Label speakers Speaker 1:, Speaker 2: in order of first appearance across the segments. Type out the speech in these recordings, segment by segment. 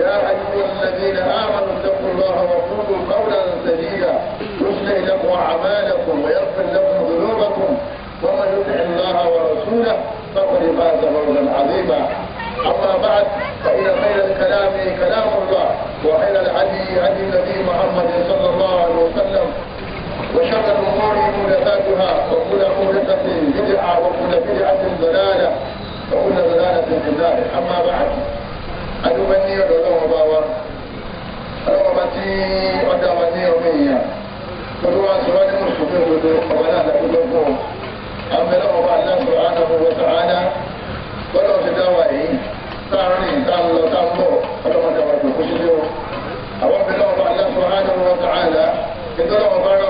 Speaker 1: يا أيها الذين آمنوا اتقوا الله وقولوا قولا سديدا يصلح لكم أعمالكم ويغفر لكم ذنوبكم ومن يطع الله ورسوله فقد فاز فوزا عظيما أما بعد فإن خير الكلام كلام الله وخير الهدي هدي النبي محمد صلى الله عليه وسلم وشر الأمور محدثاتها وكل محدثة بدعة وكل بدعة ضلالة وكل ضلالة في النار أما بعد adúgbò ní ọ̀dọ̀ ọlọ́wọ́n bá wa ọlọ́wọ́n bá tí ọjà wa ní ọmọ èèyàn gbogbo wa sọ wá ní mùsùlùmí òdodo ọba náà dàbí lọ́gbọ̀ àmì ọlọ́wọ́n bá aláṣọ àná gbogbo sàánà gbọ́dọ̀ ti dá wa yìí sáárín ìdánilọ sáńbọ̀ ọlọ́wọ́n dàbà gbogbo sílẹ̀ o àwọn ọmọ ọlọ́wọ́n bá aláṣọ àná gbogbo sàánà ìdọ́lọ́wọ́n bá rọ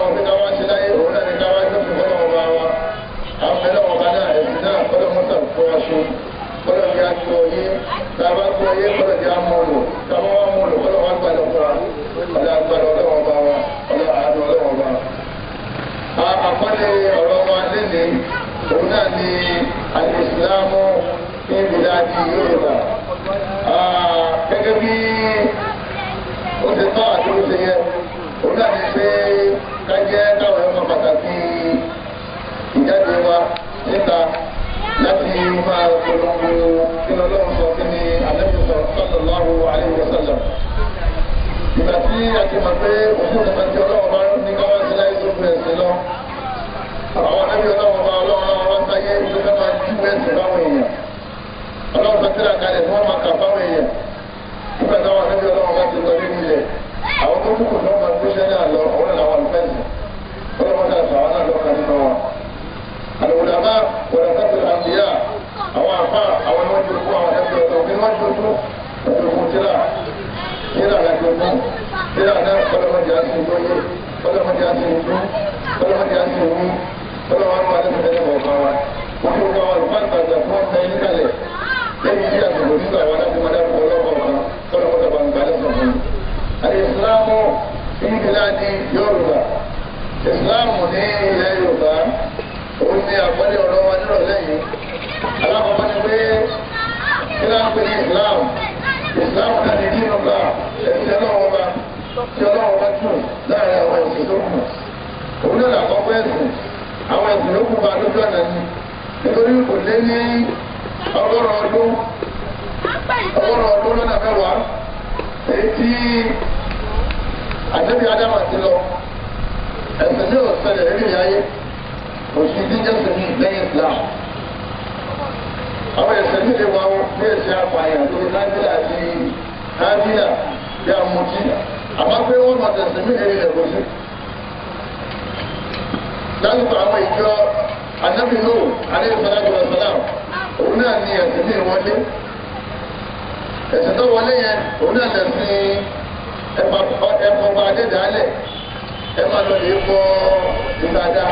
Speaker 1: ayé kọ́lọ̀ jẹ́ amọ̀rò táwọn wá mọ̀rò kọ́lọ̀ wá gbàdọ̀ fún wa ọ̀là àgbàdọ̀ ọlọ́wọ́n bá wa ọ̀là àánú ọlọ́wọ́n bá wa. àkọ́lé ọ̀rọ̀ wa lẹ́nìí òun náà ni àìsílámù ní ìbílẹ̀ àti Yorùbá. gẹ́gẹ́ bí ó ti tọ́ àti ó ti yẹ òun náà ni pé kájẹ́ káwọn ẹ̀rọ pàtàkì ìjáde wa níta láti máa polongo kí lọ́lọ́run sọ kí ni alẹ́ lọ sallallahu alaihi wasallam ìgbà tí a ti mọ̀ pé òkú nǹkan tí ọlọ́wọ́ bá ní ká wọ́n ti láyé tó fi ẹ̀sìn lọ àwọn ẹbí ọlọ́wọ́ bá ọlọ́wọ́ bá ń sáyé ìlú ká máa ju ẹ̀sìn báwọn èèyàn ọlọ́wọ́ bá tíra kalẹ̀ fún ọmọ kà báwọn èèyàn nígbà táwọn ẹbí ọlọ́wọ́ bá ti lọ nínú ilẹ̀ àwọn tó kù náà máa gbéṣẹ́ náà lọ òun làwọn fẹ́ẹ̀sì ọlọ́wọ́ àwọn àfa àwọn ni wọ́n ti kú àwọn ẹgbẹ́ ọ̀tọ̀ òfin wọ́n ṣojú òkùnkùn tíra tíra lẹ́gbẹ̀ẹ́ mú tíra náà kọ́lọ́mọdé àti ìgbóyè kọ́lọ́mọdé àti ìgbó kọ́lọ́mọdé àti ìwú kọ́lọ́mọdé àti ìfẹ́lẹ́ ọ̀gá wa wọ́n ti kọ́ àwọn olùfàgbàgbà fún ọ̀fẹ́ yín kalẹ̀ lẹ́yìn tí àtìkò nígbà wọn láti máa dábò ọlọ́kọ̀ kan kọ́lọ́mọdé bá ń balẹ̀ sọ̀rọ̀ àdìsílámù ìgbìláàdì Yorùbá ìsìlámù ní ilẹ̀ Yorùbá òun ni àpọ́lé ọ̀rọ̀ wa nírọ̀lẹ́ yìí alákọ̀ọ́kọ́ ni pé kíláà ń pè ní ìsìláàmù ìsìláàmù náà ní dínú bá ẹ̀sìn ọlọ́wọ́ bá tí ọlọ́wọ́ bá láàrin àwọn ẹ̀sìn tó kù òun náà làkọ́kọ́ ẹ̀sìn àwọn ẹ̀sìn ló kù bá lójú ọ̀nà ni nítorí kò lé ní ọgọ́rùn ọdún ọgọ́rùn ọdún lọ́nà mẹ́wàá èyí tí àdébí ádámà ti lọ ẹ̀sìn tí ò ṣẹlẹ̀ lórí ìyáyé òṣì àwọn ẹ̀ṣẹ̀ nílé wa ní ẹ̀ṣẹ̀ apààyàn tó nábìlà àti nábìlà bí amutí àmọ́ pé wọ́n máa tẹ̀sẹ̀ mí lórí ẹ̀kọ́ sí. lásìkò àwọn ìjọ anábì náà alẹ́ ìsọ̀lájú ọ̀sọ̀lá òun náà ní ẹ̀ṣẹ̀ ní ìwọlé ẹ̀ṣẹ̀ tó wọlé yẹn òun náà lẹ̀sìn ẹ̀fọ́ bá adédàálẹ̀ ẹ máa lọ lè bọ ìgbàdá.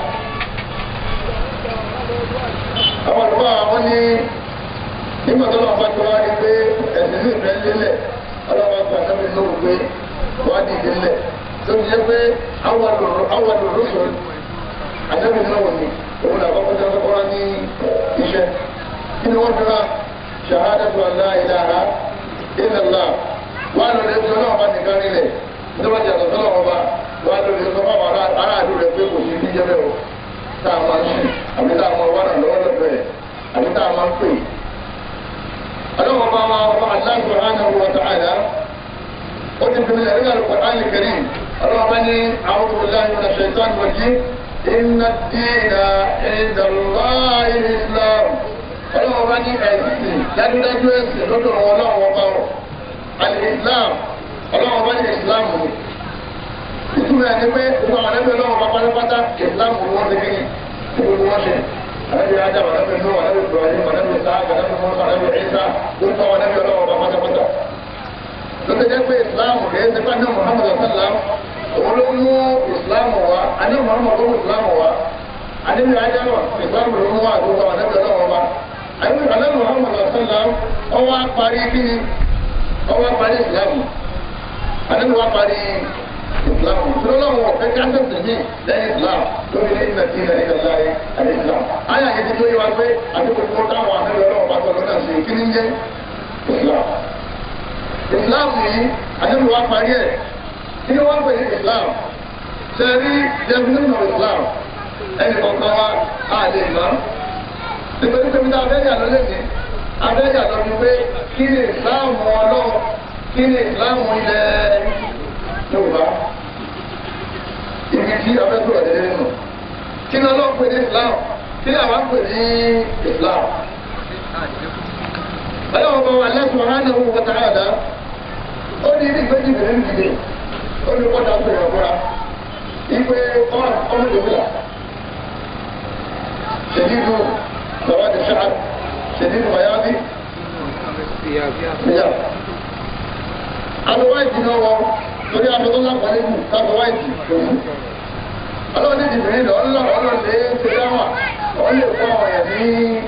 Speaker 1: àwọn olùkọ́ àwọn ní nígbà tó lọ́wọ́ bá ti wá rí pé ẹ̀sìn ní ìfẹ́ lélẹ̀ ọlọ́wọ́ gba sẹ́mi lóhùn pé wọ́n di lélẹ̀ tó ń jẹ́ pé àwọn lòrò sọ̀rọ̀ àtẹ́mi náà ni òun làbá kọjá kọ́kọ́rọ́ ní iṣẹ́ kí ni wọ́n fi ra ṣàhádàtú àlá ìlàhà ìlàlá wà lórí ẹgbẹ́ ọlọ́wọ́ bá nìkan rí rẹ̀ nígbà tí àtọ̀tọ̀ lọ́wọ́ bá wà lórí ẹgbẹ́ ọlọ́wọ́ bá aráàlú rẹ̀ pé kò sí ní ọba wa ọba aláǹkó àná wọ tààlà ó ti fi ilẹ̀ nínú àlùkò àyè kẹrì ọlọ́ọ̀bá ní àwọn tó láyé wọn ṣe tán wọ́n jí iná dìínà ìdàlúwà Islam ọlọ́ọ̀bá ní ẹ̀sìn dájúdájú ẹ̀sìn lọ́dọ̀ wọn ọlọ́wọ́ bá wọ àlè Islam ọlọ́ọ̀bá ní Islam wò ìtumọ̀ ẹni pé gbogbo àwọn ẹgbẹ́ ọlọ́wọ́ bá pátápátá Islam wò wọ́n ti kí ni wọ́n ṣe anabi adamu anabi nuhu anabi ibrahim anabi isaac anabi musa anabi isa lóòótọ́ anabi ọlọ́wọ́ ọba pátápátá lóòótọ́ jẹ́ pé islam kìí ṣe pé anabi muhammad sallam òun ló mú islam wá anabi muhammad ló mú islam wá anabi adamu islam ló mú wá lóòótọ́ anabi ọlọ́wọ́ ọba anabi muhammad sallam ọwọ́ parí kíni ọwọ́ parí islam anabi wá parí islam sọlọ́wọ́ ọ̀fẹ́ káṣẹ́ sèyí lẹ́yìn islam lórí ní ilẹ̀ tí ilẹ̀ ilẹ̀ láyé àti islam. ayé àkejì tó yẹ wá pé àdúgbò tó dáwọn àmẹ́lẹ̀ ọlọ́wọ́ bá tọ̀ lọ́nà sí kí ní jẹ́ islam. islam yìí àdúgbò wa parí ẹ̀ kí ni wọ́n pè ní islam ṣe rí definition of islam ẹnì kọ̀ọ̀kan wa á lè mọ̀. nítorí pé mi ta abẹ́jà lọ lẹ́sìn abẹ́jà lọ ni pé kí ni islam ọlọ́run kí islam ilẹ̀ Yorùbá ibi tí abẹ́tò rẹ̀ lé nù kí ni ọlọ́run ní Islam kí ni àwọn pè ní Islam. ọlọ́run bọ̀ wà lẹ́sùn ọ̀hán náà wọ́n ta àdá ó ní ń dìde ó ní ń bẹ̀rẹ̀ ọ̀hán bàbá ti ṣáà torí aṣọ tó lápá nínú sábà wáìtì lòún ọlọ́run ní ìdìbìrín lọ ńlọ ọlọ́run dáwà wọ́n lè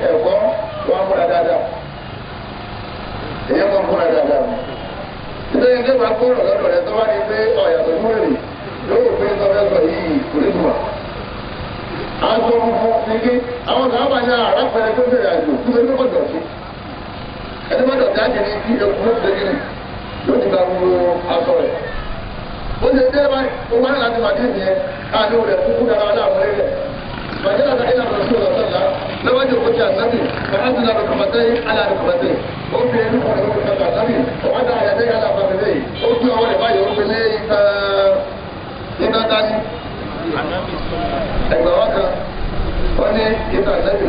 Speaker 1: àwọn ẹ̀kọ́ múra dáadáa múra dáadáa ẹni tó kúrò lọ́dọ̀ rẹ tó bá pé ọ̀yà tó pé sọ yìí kò ní tùmọ̀ àwọn kan wà ní tó bẹ̀rẹ̀ ó ṣe dé báyìí ó wá láti màdé nìyẹn káàdé rẹ̀ kúkú dára aláàmúlé rẹ̀ bàjẹ́ àti ilà rọ̀ṣù ọ̀sọ̀lá lọ́wọ́ jẹ́ òkúta àtàbí bàtàbí la rọ̀kọ̀bàtẹ́ alà rọ̀kọ̀bàtẹ́ ó fi ẹnu kan rẹ̀ òkúta àtàbí ọ̀wádà àyàdé alà bàbẹ̀lẹ̀ ó fi ọwọ́ rẹ̀ báyìí ó fi lé ìta ìta dání. ẹgbẹ́ wa ní ìta àtàbí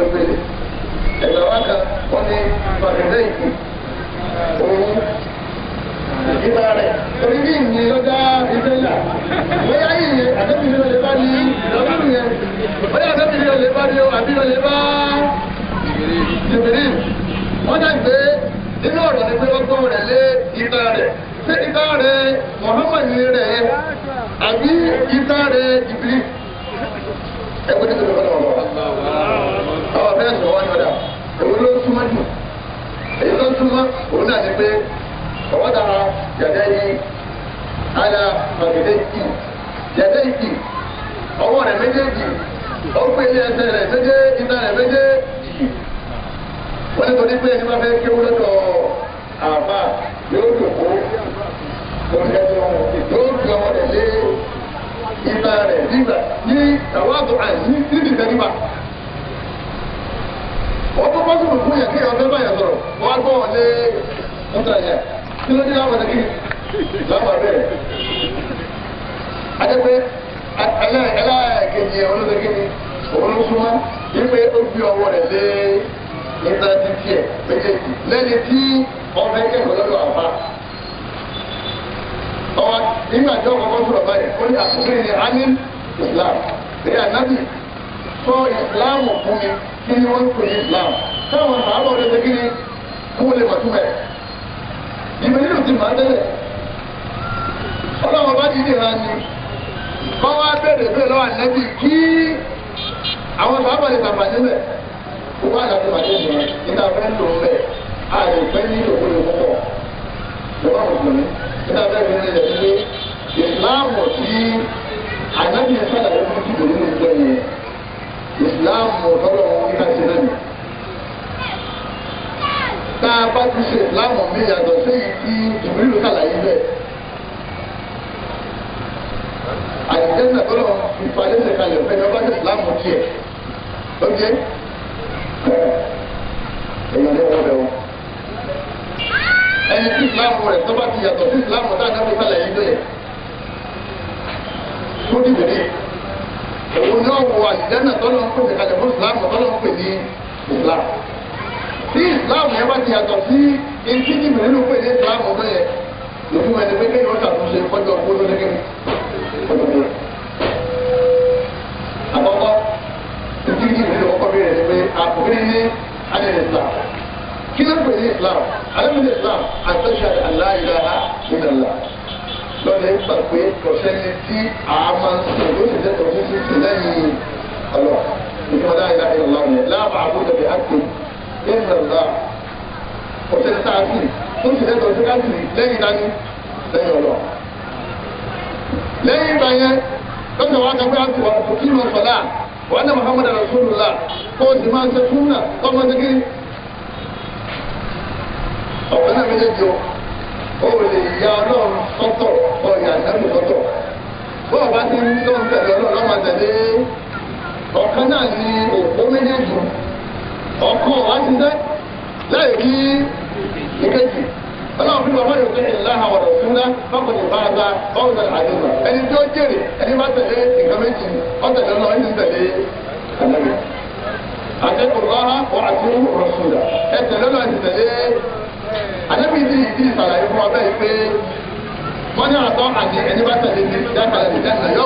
Speaker 1: kan wọ́n ní ìgbà rẹ̀ torí bí ìyẹn ló dá iṣẹ́ yà bóyá ìyẹn àtẹ́bí mi ò lè bá ní lọ́dún yẹn bóyá àtẹ́bí mi ò lè bá ní o àbí ò lè bá jìbìrì wọ́n dà gbé nínú ọ̀rọ̀ ni pé wọ́n gbọ́ rẹ̀ lé ìgbà rẹ̀ ṣé ìgbà rẹ̀ Muhammad ní rẹ̀ àbí ìgbà rẹ̀ jìbìrì ẹgbẹ́ tó tó lọ́wọ́ àwọn fẹ́ẹ́ sọ wọ́n yọ̀dà òun ló súnmọ́ jù èyí ló súnmọ́ òun náà ni pé فوضع يديه على فخذيه يديه ọwọ́ rẹ̀ méjèèjì ó pè ní ẹsẹ̀ rẹ̀ méjèèjì náà rẹ̀ méjèèjì wọ́n ní torí pé ẹni máa fẹ́ kéwú lọ́dọ̀ àbá yóò dòkó lórí ẹjọ́ yóò fi ọmọ rẹ̀ lé ìgbà rẹ̀ nígbà ní àwọn àtọ̀ àìní níbi ìtẹ́nígbà ọdún bọ́sùn fún yẹn kí ọ̀fẹ́ báyà sọ̀rọ̀ wọ́n á gbọ́ wọlé ọ̀tọ̀ yẹn kí ló dé láwọn ẹ̀dá kiri láwọn bẹ́ẹ̀. adẹ́pẹ́ ẹlẹ́ẹ̀kejì ẹ̀ olóṣè kiri òun ló súnmọ́ wípé ó fi ọwọ́ rẹ̀ lé ìtàdíkì ẹ̀ méjèèjì lẹ́ni tí ọbẹ̀ kẹ́kọ̀ọ́ lọ́dọ̀ àbá ọwọ́ nígbà tí ọkọ̀ kan sọ̀rọ̀ báyìí ó ní àkókò ní anil islam ní anabi sọ islam fún mi kí ni wọ́n ń pè ní islam táwọn àbá ọ̀rẹ́ ṣe kí ni kó lè mọ̀ túmẹ̀ jìbìrìlù ti máa délẹ̀ ọlọ́run bá dìde hàn ni wọ́n wá bẹ̀rẹ̀ bẹ́ẹ̀ lọ́wọ́ ànábì kí àwọn sábà lè tàbà nílẹ̀ wọ́n wá àdàtì màdé ìlú níta fẹ́ lò ó bẹ̀ àyè fẹ́ ní òkúlù púpọ̀ lọ́wọ́ mùsùlùmí níta fẹ́ lò ó lẹ̀ nílé ìsìláàmù tí ànábì sálàyé fún jìbìrìlù jẹ́ tá a bá ti ṣe láwọn mi yàtọ̀ sí ìdí ìbílù sàlàyé bẹ́ẹ̀. àyíké náà tó lọ ìfàdé ṣe kalẹ̀ fẹ́ ní ọba ṣe láwọn tiẹ̀ lóde èèyàn ló wọlé o. ẹni tí ìsìláàmù rẹ̀ tó bá ti yàtọ̀ sí ìsìláàmù tá a dábò sàlàyé bẹ́ẹ̀ tó dìbò dé òun náà wọ àyíké náà tó lọ ń pè ní kalẹ̀ fún ìsìláàmù tó lọ tí islam yẹn bá ti yàtọ̀ sí etí ní mìíràn ló pè ní islam ọmọ yẹn lókun ẹni pé kéèyàn ṣàtúnṣe kọjọ kó ló dégé àkọ́kọ́ etí ní mìíràn kọ́kọ́ bí rẹ̀ ni pé àkókò ní alẹ́ islam kí ló pè ní islam alẹ́ ní islam àtẹ̀ṣe aláìláha ìdàlá lọ́dẹ̀ gbà pé kọ̀sẹ́ni tí a máa ń sọ ló sì lẹ́tọ̀ọ́ sí sí lẹ́yìn ọlọ́ ìfọdá ìlà ìlọ́ọ̀rẹ́ láàbà àbújá bí a ti lẹ́yìn ọ̀la ọ̀sẹ̀ sáàtì tó sì lẹ́tọ̀ sí káàtì lẹ́yìn dání lẹ́yìn ọ̀lọ́. lẹ́yìn ìgbà yẹn lọ́sẹ̀ wa kan pé wà fún kí ló sọ̀lá wà ní Muhammad rasulullah kó o sì máa ṣe súnà lọ́mọ sí kiri. ọ̀pọ̀ náà méjèèjì o lè ya ọlọ́run sọ́tọ̀ ọ̀yà ìdáhùn sọ́tọ̀ bọ́ọ̀ bá ti ń lọ́n tẹ̀lé ọlọ́run ọmọ tẹ̀lé ọ̀kan náà ni òpó méjèèjì ọkọ àtijọ́ láyé kí ìkejì ọlọ́run fún bàbá yòókè ìlànà àwọn ọ̀sùnlá bákan ní bàbá báwọn náà àdéhùn ẹni tó jèrè ẹni bá tẹ̀lé nǹkan méjì ọ̀tẹ̀lẹ̀ lọ ẹni tẹ̀lé ànábì àtẹ̀kùn lọ́ha wà á tún rọ̀ṣùlá ẹtẹ̀lẹ̀ lọ ẹni tẹ̀lé ànábì ní ìdí ìsàlàyé fún abẹ́ yìí pé wọ́n ní àtọ́ àti ẹni bá tẹ̀lé ní dákàlẹ̀ ní dákàlẹ̀ yọ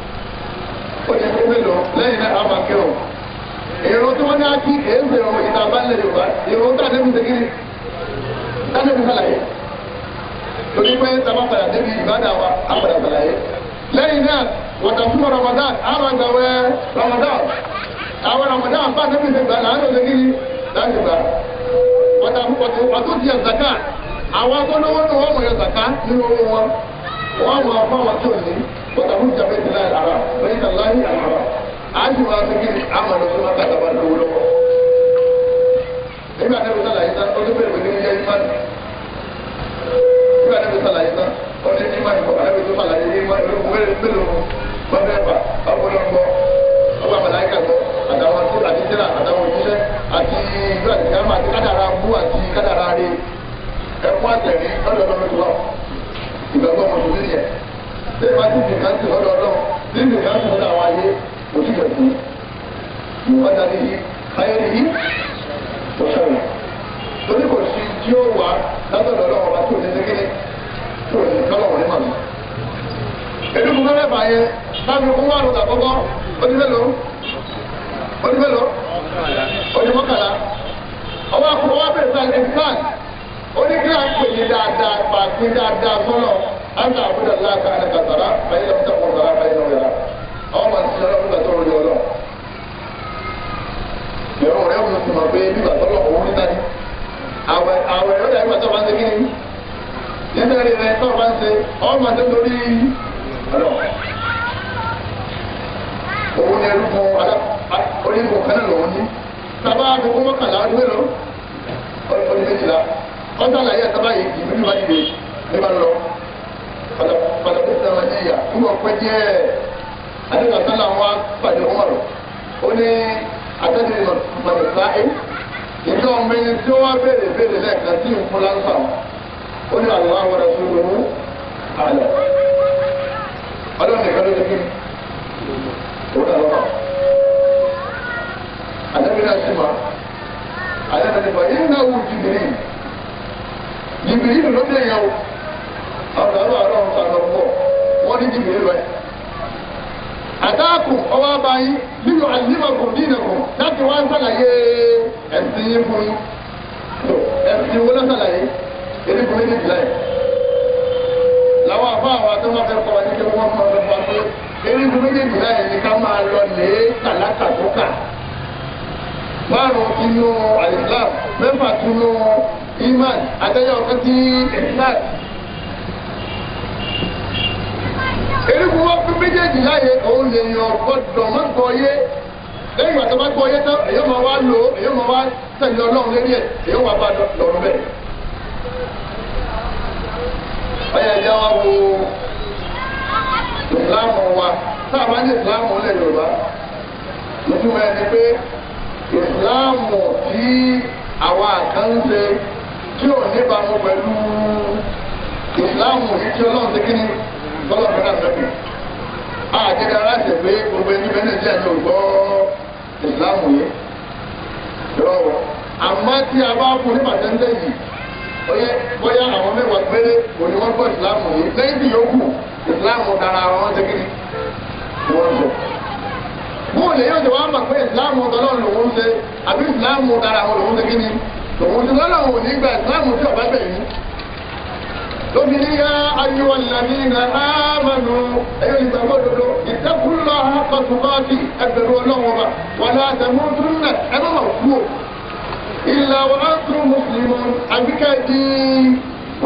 Speaker 1: kò yẹ kí ndị lẹ́yìn a èrò tí wọ́n ní kí èéfè ọ̀rọ̀ ìta bá lẹ̀ a débi segiri tá a débi sàlàyé torí pé sábà padà débi ìbádà wa á padà sàlàyé lẹ́yìn náà wọ́tà fún Ramadan á máa Ramadan àwọn Ramadan bá débi segba là lọ láti gbà فتحج بيت الله الحرام بيت الله الحرام àti wàá fi kiri ama lọ fún aka daba lówó lọ́wọ́ nígbà tẹ́lẹ̀ sọ̀lá yìí tán ọdún bẹ̀rẹ̀ wẹ̀lẹ́ yẹ ìmánu nígbà tẹ́lẹ̀ sọ̀lá yìí tán ọdún ní ìmánu kọ̀ ọdún tó sọ̀lá yìí ìmánu ló wẹ̀rẹ̀ mélòó bàbá ẹ̀fà ọgbọ́dọ̀ gbọ́ ọgbà màláìkà gbọ́ àtàwọn tó àti tẹ́lẹ̀ àtàwọn òṣìṣẹ́ àti ìlú àti kàmá àti kádàrà bú àti kádàrà rè ẹ̀kú àtẹ̀rí ọ̀dọ̀ ṣé máa ti dìgbà sí ọ̀dọ̀ ọlọ́run bí nìkan sì ọ̀dọ̀ àwọn ayé ó sì kẹ̀kú ìwádà ni ayé ni yí kò sọ̀rọ̀ torí kò sí tí ó wà látọ̀dọ̀ ọlọ́run ọba tó ní lékeré tó ní tọ́lọ̀wọ̀ ní màmá. Èdùkú fẹ́rẹ́ bá yẹ láti fún wa lọ́dà kọ́kọ́ ó ti mélòó ó ti mélòó ó ti mọ́kànlá oníkà ń pè ní dáadáa pàṣẹ dáadáa sọ́nà àti àbúdà láàkà àdàkàtàrà báyìí lọ́wọ́ tẹ̀ wọ́n sọ̀rọ̀ báyìí lọ́wọ́ yàrá àwọn máa ń sin ọlọ́run nígbà tó rọlẹ́ ọlọ́ ìrọ̀ rẹ̀ wọ́n ti mọ̀ pé nígbà tó lọ́wọ́ wọ́n níta ní àwẹ̀ àwẹ̀ rẹ̀ nígbà tó máa ń ṣe kí ni nígbà rẹ̀ rẹ̀ tó máa ń ṣe ọ́n máa ṣe ni ẹrú kan onígun kan náà lọ́wọ́ ní tàbá àdúgbò mọ́kànlá ọdún mélòó ọjọ́ àlàyé àtàbà yìí ìlú ìlú àdìdè ní bá lọ pàtàkì sọ̀rọ̀ ní ìyà fún ọ̀pẹ díẹ̀ àdìgbà sọ́nà wọn pàdé ọmọrò ó ní àtẹ́tì mọ̀tòkà ẹ̀ ìjọ ọmọ ẹni tí wọ́n béèrè béèrè lẹ́ẹ̀kan tí ìfúnlá ń fà ó ní àwọn àwọn ọ̀rẹ́ tó lọ́wọ́.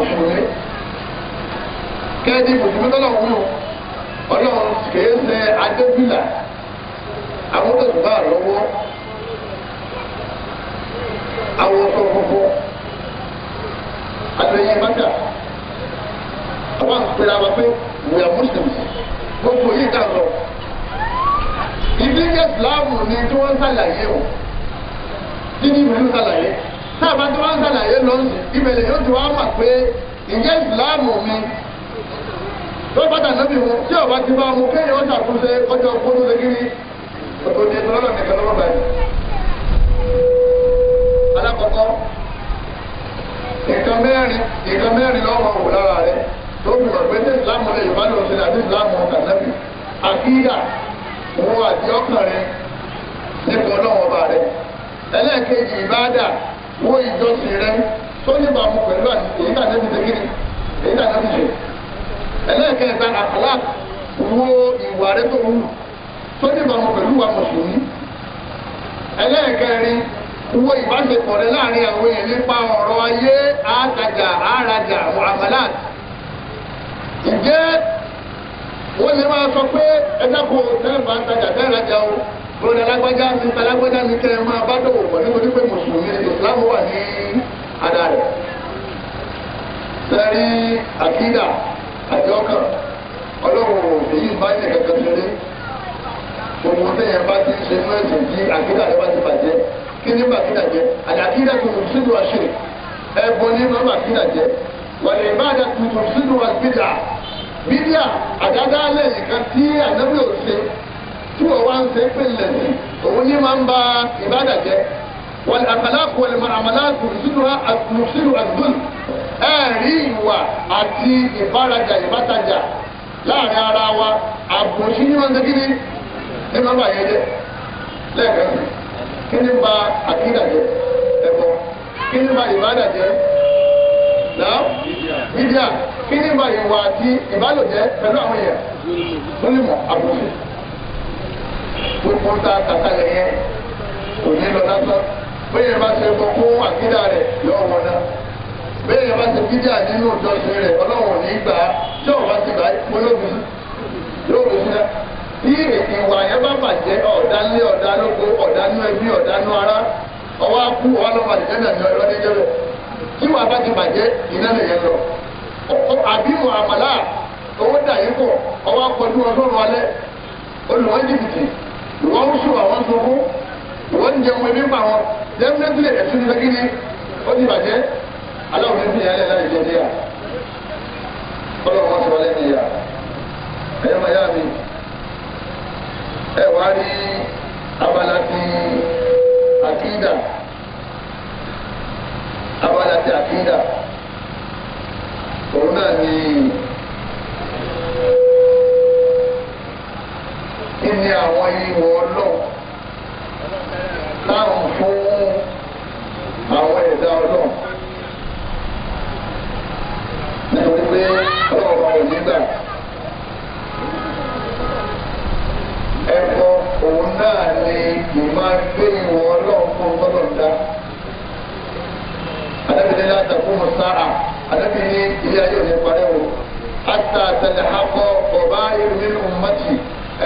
Speaker 1: òṣùwé kẹ́ẹ̀dì mùsùlùmí tọ́lọ́run wù ọlọ́run kìí ṣe adébílà amúdòdùbà lọ́wọ́ àwọn ọkọ̀ funfun àtẹ̀yìn mẹ́ta wọ́n pèrè àwọn pé we are muslims gbogbo yìí kà lọ ìdílé islam ni tí wọ́n ń sàlàyé o tí ní ìlú sàlàyé. tá a bá tó wá ń sàlàyé lọ ìbẹ̀lẹ̀ yóò ti wá mà pé ìjẹ́ ìsìláàmù mi tó bàtà níbi mu tí ọba ti bá mu kéèyàn ó ṣàkóso ọjọ́ kótó lẹ́gírí ọ̀tọ̀ ní ẹ̀tọ́ lọ́nà nìkan lọ́wọ́ báyìí. alákọ̀ọ́kọ́ nǹkan mẹ́rin nǹkan mẹ́rin lọ́wọ́ wò lára tó pé ní ìsìláàmù wo ìjọsìn rẹ tó ní ìbámu pẹ̀lú èyí tà níbi èyí wo ìwà rẹ tó wù tó ní pẹ̀lú wa mùsùlùmí ẹlẹ́ẹ̀kẹrin wo ìbáṣepọ̀ rẹ láàrin àwọn nípa ọ̀rọ̀ ayé àtàjà àràjà wọ́n máa sọ pé ẹ tẹ́lẹ̀ bá ń tajà tẹ́lẹ̀ bóyá alágbájá mi alágbájá mi kẹ́ ẹ máa bá dòwò pọ̀ nítorí pé mùsùlùmí islam wà ní ada rẹ̀ sẹ́rí àkídà àti ọkàn ọlọ́run èyí bá yẹ kankan ṣeré
Speaker 2: òun tẹ̀yẹ bá ti ṣe fún ẹ̀sìn tí àkídà rẹ̀
Speaker 1: bá ti bàjẹ́ kí ní bàkídà jẹ́ àdàkídà tuntun sínú àṣírí ẹ̀bùn ní bá bàkídà jẹ́ wàlẹ̀ ìbáàdà tuntun sínú àṣírí bídíà àdádálẹ̀ nìkan tí ànábì tí wọ́n wá ń ṣe é pélé òun ní máa ń ba ìbádà jẹ́ wọ́n àkàlàkù wọ́n mọ àmàlàkù mùsùlùmí àdùn ẹ̀rí ìwà àti ìbárajà ìbátajà láàrin ara wa àbòsí ní máa ń segin ní ní máa ń bà yẹn jẹ́ lẹ́ẹ̀kan kí ni ba àkídà jẹ́
Speaker 2: ẹ̀kọ́ kí ni ba ìbádà
Speaker 1: jẹ́ náà bíbíà
Speaker 2: kí ni ba ìwà
Speaker 1: àti ìbálòjẹ́ pẹ̀lú àwọn èèyàn lónìí mọ̀ àbòsí. gbogbo tá a kàkálẹ̀ yẹn lọ lásán bẹ́ẹ̀ yẹn bá ṣe kọ́ kó àkídà rẹ̀ yọ wọn náà bẹ́ẹ̀ yẹn bá ṣe kídà nínú ìjọsìn rẹ̀ ọlọ́run ní gbà bá ti gbà á yóò bó fi náà ìwà yẹn bá bàjẹ́ ẹbí ara ọwọ́ akú àdìjẹ́ náà ní ọ̀rọ̀ rẹ̀ wàá wọ́n ń sùn àwọn sunkún wọ́n ń jẹun ebi ń pa wọn dẹ́gbẹ́gbẹ́ ẹ̀sùn ní lẹ́gídí ó ti bàjẹ́ aláwọ̀ ní bìyànjú ẹ̀ láì jẹ́ níyà ọlọ́run wọn sọ lẹ́nu ìyá ẹ̀yọ́ máa yá mi ẹ̀ wá rí abala ti àkídà abala ti àkídà òun náà ni kí àwọn ìwọ ọlọ́run láwọn fún àwọn ẹ̀dá ọlọ́run nítorí pé ọlọ́run ò ní gbà. ẹ̀kọ́ òun náà ni ìmọ̀ gbé ìwọ ọlọ́run fún ọlọ́run dá. alábìnrin láti fún un sára alábìnrin ilé ayé òní parẹ́ wò. hátà tẹlẹ hapọ̀ ọ̀bá irun nínú mọ́tì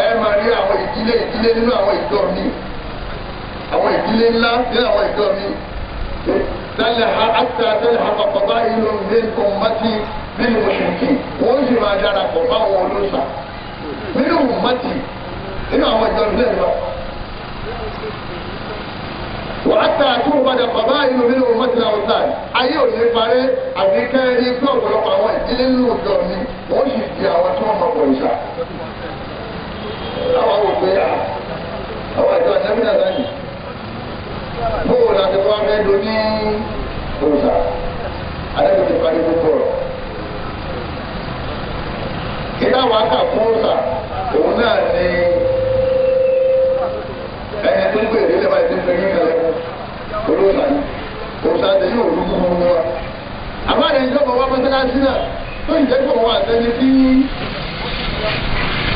Speaker 1: ẹ máa rí àwọn ìdílé ìdílé nínú àwọn ìjọ mi àwọn ìdílé ńlá nínú àwọn ìjọ mi tẹ́lẹ̀ ha àti àtẹ́lẹ̀ ha pàpàpà inú ilé nǹkan mọ́tì nínú mọ̀ṣẹ̀kì wọ́n sì máa darapọ̀ báwọn olóṣà nínú mọ́tì nínú àwọn ìjọ mi lẹ́nu lọ. وحتى يكون بعد قبائل من أمتنا والثاني ayé ò ní parẹ́ àbíkẹ́ ẹni pé ọ̀pọ̀lọpọ̀ àwọn ìdílé nínú ìjọ mi wọ́n sì di àwọn tí wọ́n mọ̀ pọ̀ ìṣá. àwọn wò pé àwọn ìjọ ìnáwó náà ní bóòlù àti wọn fẹ́ lo ní òòsà àdébò ti parí gbogbo rẹ̀ kíkà wàá kà fún òòsà òun náà ní ẹni tó ń gbé ìdílé wa ti ń gbé yín kalẹ̀ olóòsà gbogbo wa àbáyé ìjọba wa mọ́sálásí náà tó ń jẹ́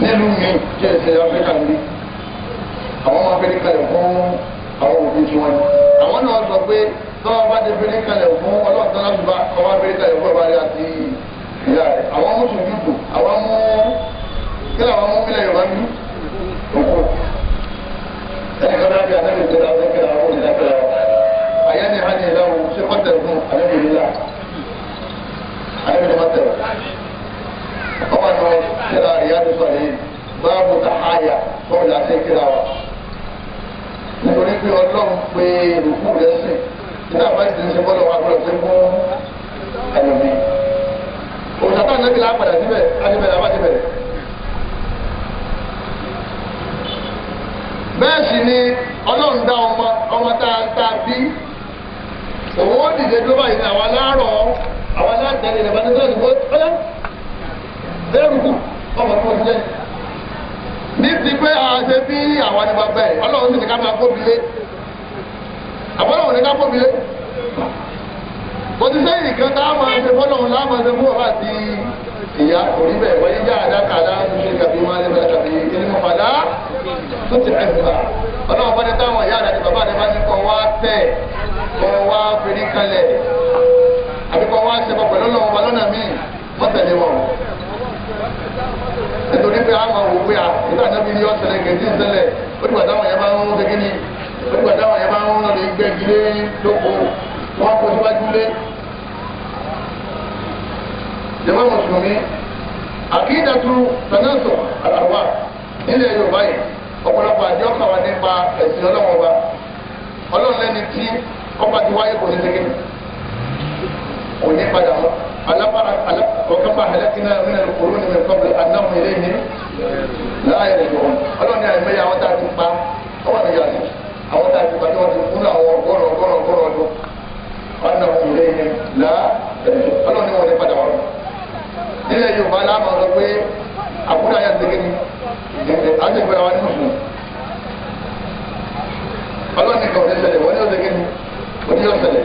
Speaker 1: nínú mi tí ẹsẹ̀ Áfíríkà ń bí àwọn Áfíríkà lè fún àwọn òbí tí wọ́n ní. àwọn náà sọ pé tọ́wọ́ bá ti fẹ́rẹ́ kalẹ̀ fún ọlọ́ọ̀tọ́ láti bá ọba fẹ́rẹ́ kalẹ̀ fún ọba rẹ̀ àti ìyá rẹ̀ àwọn mùsùlùmí kù àwọn mú kí làwọn mú kílẹ̀ Yorùbá ní òkú. ẹnì kan náà bí anábì tẹ̀lé àwọn ẹgbẹ́ àwọn òṣèlú ẹgbẹ́ àwọn àyẹ́ ni hàn ní ìlànà ṣé kọ́tẹ̀ fún anábì nílà anábì ní kọ́tẹ̀ ọwọ́ àná kíra ya sọ̀rọ̀ yìí báàbò tàháyà ọ là ṣe kíra wa. nítorí pé ọlọ́run pé rúkú rẹ̀ sìn nígbà bá ti ṣe bọ́ọ̀lù wa gbọ́dọ̀ pé fún ẹlòmí. òṣàtà nàbí là á padà síbẹ̀ á ti bẹ́ẹ̀ sì ni ọlọ́run dá ọmọ ọmọ tá a bí òun ó dìde tó báyìí ní àwọn aláàárọ̀ àwọn aláàtẹ̀lẹ̀ bẹ́ẹ̀rù ọmọ tó jẹ́ ní ti pé àṣẹ bí àwọn ẹni bàbá ẹ̀ ọlọ́run sì ní ká máa bóbilé àbọ̀lọ́run ní ká bóbilé kò ti sẹ́yìn nìkan tá a máa ṣe fọ́lọ́run láà máa ṣe fún ọ̀rọ̀ àti ìyá orí bẹ́ẹ̀ wọ́n yíyá àdákàdá ṣe kàbí wọn lè bẹ̀rẹ̀ kàbí ẹni mọ̀ padà tó ti ẹ̀ fà ọlọ́run bá ní táwọn ìyá àdáni bàbá rẹ̀ bá ní kọ́ wá tẹ̀ kọ́ wá fèrè kalẹ̀ àbíkọ́ wá ṣẹbọ pẹ̀lú ọlọ́run wa lọ́nà míì wọ́n tẹ̀lé wọn. máa wò pé à nígbà tó fi rí ọ̀sẹ̀lẹ̀ kẹ̀sí ìṣẹ̀lẹ̀ ó dìgbà dị yẹn bá ń ṣe kí ni ó igbe táwọn yẹn bá ń lọ lè gbẹ́gi lé lóko wọn kò síwájú lé. jẹ́wọ́n mùsùlùmí àkídàtú tanásọ̀ àlàwà nílẹ̀ Yorùbá yìí ọ̀pọ̀lọpọ̀ àjọ kàwá nípa òní padà mọ́ ọ̀kánpá àlẹ́tìná nínú ìkòrò ní ìkọ́bù anáhùn ilé yìí láàyè rẹ̀ jọ̀wọ́ ọlọ́ni àìmọ́ yà wọ́n tá a ti pa ọwọ́ mi yà ni àwọn tá a ti pa tí wọ́n ti kú àwọn ọgọ́rọ̀ ọgọ́rọ̀ ọgọ́rọ̀ ọdún anáhùn ilé yìí là ọlọ́ni wọn ní padà wọn.
Speaker 2: nílẹ̀ Yorùbá láàmú ọ̀sọ́ pé àkúrò àyà ti kéde àjẹgbẹ́ wa ní mùsùlùmí
Speaker 1: ọlọ́ni kọ̀ọ̀tẹ́sẹ̀lẹ̀ wọ́n ní ọ̀sẹ̀ kéde wọ́n ní ọ̀sẹ̀lẹ̀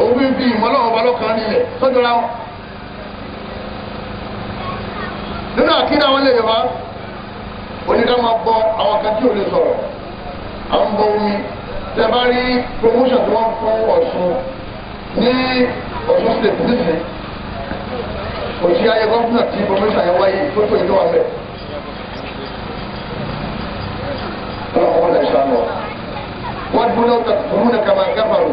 Speaker 1: òun ń bí ìmọ̀lọ́wọ́ ọba lọ́kàn nílẹ̀ sọ́jọ́ra wọn. nínú àkídà wọn lè yọba oníkà máa bọ àwọn kan tí ò lè sọ̀rọ̀ à ń bọ omi tẹ bá rí promotion tí wọ́n fún Ọ̀ṣun ní Ọ̀ṣun state nísìnyí kò sí ayé gómìnà tí promotion yẹn wáyé tó tó ìjọba bẹ́ẹ̀. ọlọ́kọ̀ọ́ lè ṣàánú wọ́n dúró lọ́wọ́ tàbí kùrú náà kàmá gáfàrú.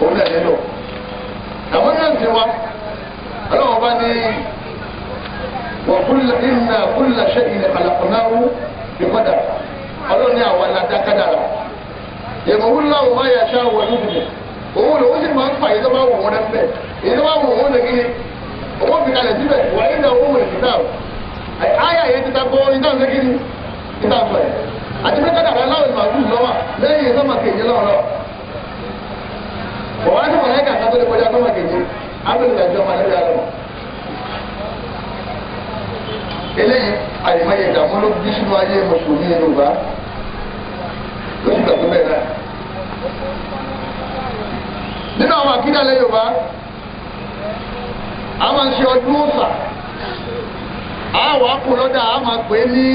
Speaker 1: òun náà nílò àwọn náà ti wá ọlọ́wọ́n bá ní wọ́n kúlẹ̀ ìnà kúlẹ̀ ṣe ìnà kàlàkùnáwó ìkọ́dà ọlọ́ni àwọn aládàkádàrà èèmọ̀ wúlò àwọn máa yà ṣá wọ̀ lóbìnrin òun lòun sì máa ń fà ìjọba wò wọn lẹ́fẹ̀ ìjọba wò wọn lè kíni owó fi kalẹ̀ síbẹ̀ wà nínú owó wọn ìfìdá àyà yẹn ti ta gbọ́ ìdá òun lè àti pé láwọn ìmàlú lọ́wọ́ lẹ́yìn ìdá màkè ìjọba wọ́n na ní mọ̀lẹ́kà kátó lè kọjá kọ́mọ̀ kejì ábẹ́lẹ̀ ìdájọ́ ọmọ ẹ̀dá rẹ̀ mọ̀. eléyìí àyèmáyé ìdààmú ló bí sínú ayé mùsùlùmí yorùbá lóṣù tàbí bẹ́ẹ̀ náà. nínú àwọn àkídàlẹ̀ yorùbá
Speaker 2: a máa ń ṣe ọdún ọ̀sà
Speaker 1: a wà á lọ́dà a máa pè é ní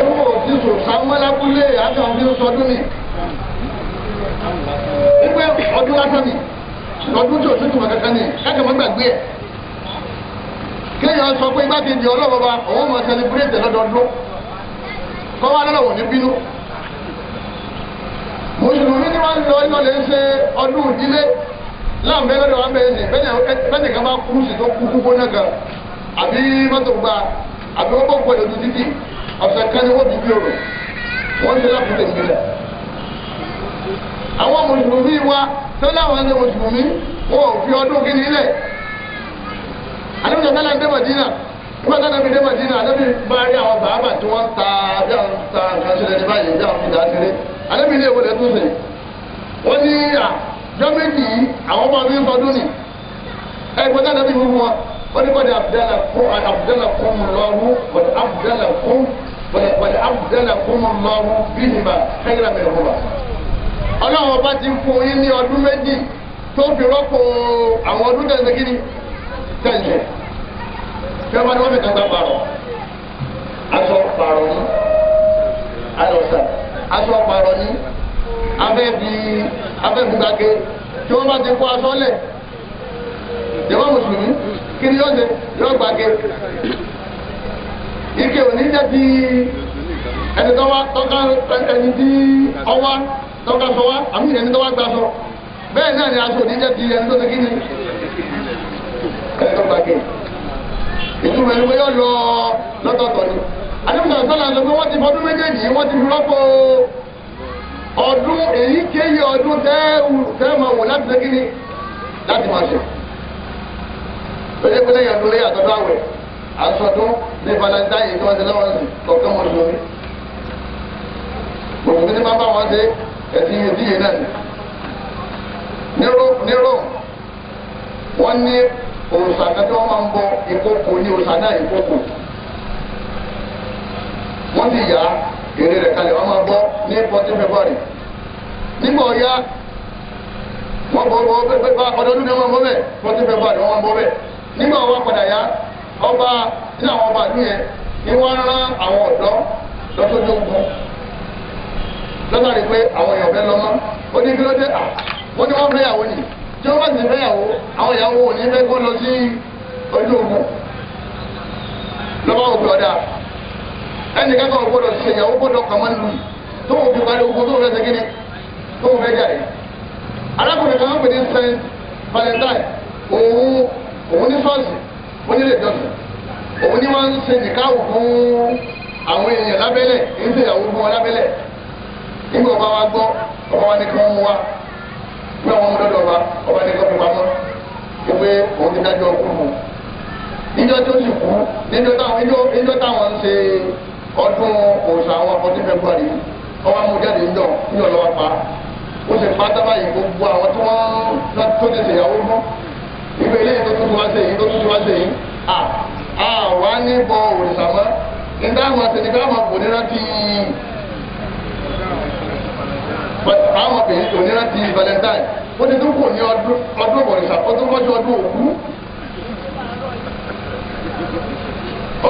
Speaker 1: owó òtí sòsà mọ́lábúlé àtàwọn bí ó sọdún ni
Speaker 2: wípé ọdún
Speaker 1: lásán ni ọdún tí òtútù wọn kankan ni káàkiri wọn gbàgbé ẹ kéèyàn sọ pé igbákejì ọlọ́wọ́ bá òun mọ̀ sẹlẹbírẹ́tì lọ́dọọdún kọ́wá lọ́wọ́ ní bínú mùsùlùmí ni wọ́n lọ iná lè ṣe ọdún ìdílé láàmúlẹ́ lọ́dọ̀ wọn bẹ́ẹ̀ ni bẹ́ẹ̀ ni kan bá kú sí tó kú kú gbóná kan àbí mọ́tò gba àbí wọ́n bọ̀ pẹ̀lú ojú títì ọ̀sẹ̀ kan ni wọ́n bí bí òrò wọ́n ń ṣe láti tẹ̀sí rẹ̀. àwọn mùsùlùmí wa tó láwọn ẹni mùsùlùmí wọn ò fi ọdún kí ni ilẹ̀. àdébìtì ọ̀sẹ̀ láti dé Madina nígbà tó àdébìtì dé Madina àdébìtì bá rí àwọn sàábà tí wọ́n ta bí àwọn ta nǹkan ṣẹlẹ̀ ní báyìí bí àwọn fìdá ṣeré àdébìtì ilé ìwòlẹ̀ tún ṣe. wọ́n ní àjọ méjì àwọn ọmọ mi ń sọdún ni ẹ̀gbọ́n wani kɔni abudala kun abudala kun lɔɔru kɔni abudala kun kɔni abudala kun lɔɔru bihima kɛyira mɛ hɔba ọlọ́run ọba ti fún yín ní ọdún méjì tó fi rọ́pò àwọn ọdún tẹ̀sẹ̀ kí ni tẹ̀sẹ̀ kí wọ́n bá ní wọ́n fi kàtà pààrọ̀ aṣọ pààrọ̀ ní àlọ́sà aṣọ pààrọ̀ ní abẹ́bí abẹ́bùgbàgbé tí wọ́n bá ti kó aṣọ lẹ̀ jẹ́wọ́ mùsùlùmí kí ni de, ṣe yóò gbàgé ike òní jẹ́ ti ẹni tó wá tọ́ka ẹni tí ọwá tọ́ka sọ wá àmì ẹni tó wá gba sọ bẹ́ẹ̀ náà ni aṣọ òní jẹ́ ti ẹni tó ṣe kí ni ẹni tó gbàgé ìtumọ̀ ẹni pé yóò lọ lọ́tọ̀ọ̀tọ̀ ni adébùsọ̀ sọ́là sọ pé wọ́n ti fọdún méjèèjì wọ́n ti fi rọ́pò ọdún èyíkéyìí ọdún tẹ́ẹ̀ máa wò láti ṣe kí ni láti máa ṣe pẹ̀lẹ́ pẹ̀lẹ́ yẹn lórí àtọ́jú àwẹ̀ àsọdún ní valentine tí wọ́n ti lọ́wọ́ sí kọ̀ọ̀kan mọ̀ lómi. Mùsùlùmí ní máa bá wọn ṣe ẹ̀sìn ìdíyè náà ni. Ní Rome, wọ́n ní òrùsà kan tí wọ́n máa ń bọ ìkókò ní òrùsà náà ìkókò. Wọ́n ti yá èrè rẹ̀ kalẹ̀ wọ́n máa bọ́ ní fourteen February. Nígbà ọ̀ya, wọ́n bọ̀ bọ̀ bẹ́ẹ̀ bá ọdọọdún ni wọ́n máa bọ́ bẹ́ẹ̀ fourteen February wọ́n máa bọ́ bẹ́ẹ̀ nígbà wọn padà yá ọba nínú àwọn ọba àdúyẹ ni wọ́n rán àwọn ọ̀dọ́ lọ́sọ́jọ́ ogun lọ́sàrí pé àwọn èèyàn fẹ́ lọ́mọ́ ó ní kí ló dé à wọ́n ní wọ́n fẹ́ yàwó nì tí wọ́n bá sì fẹ́ yàwó àwọn ìyàwó ò ní fẹ́ kó lọ sí ojú ogun lọ́wọ́ òbí ọ̀dà ẹnì kankan ò gbọ́dọ̀ ṣe ìyàwó gbọ́dọ̀ kàmọ́ nù tó wọ́n fi parí ogun tó wọ́n fẹ́ ṣe kíni tó wọ́n fẹ́ jà yìí arákùnrin kan wọ́n pè ní Saint Valentine òun òun ní sọ́ọ̀sì onílé ìjọsìn òun ní wọ́n ń ṣe nìkáwò fún àwọn èèyàn lábẹ́lẹ̀ èyí tó ìyàwó fún wọn lábẹ́lẹ̀ nígbà ọba wa gbọ́ ọba wa ní kí wọ́n mú wa pé àwọn ọmọ dọ́dọ̀ wa ọba ní kí wọ́n fi pamọ́ wípé òun ti dájọ́ kú mu níjọ́ tó sì kú níjọ́ táwọn níjọ́ táwọn ń ṣe ọdún òòṣà àwọn afọ́jú fẹ́búwárì ọba mú jáde níjọ́ níjọ́ lọ́wọ́ pa ó sì pa tábàyè gbogbo àwọn tí wọ́n tó ti ṣèyàwó fún ìwé ilé yẹn tó tuntun wá sẹ́yìn tó tuntun wá sẹ́yìn à à wá ní bọ òrìṣà mọ́ ní táwọn àtẹnì káwọn kò ní rántí àwọn obìnrin kò ní rántí valentine ó ti tún kò ní ọdún òrìṣà ó tún kọjú ọdún òkú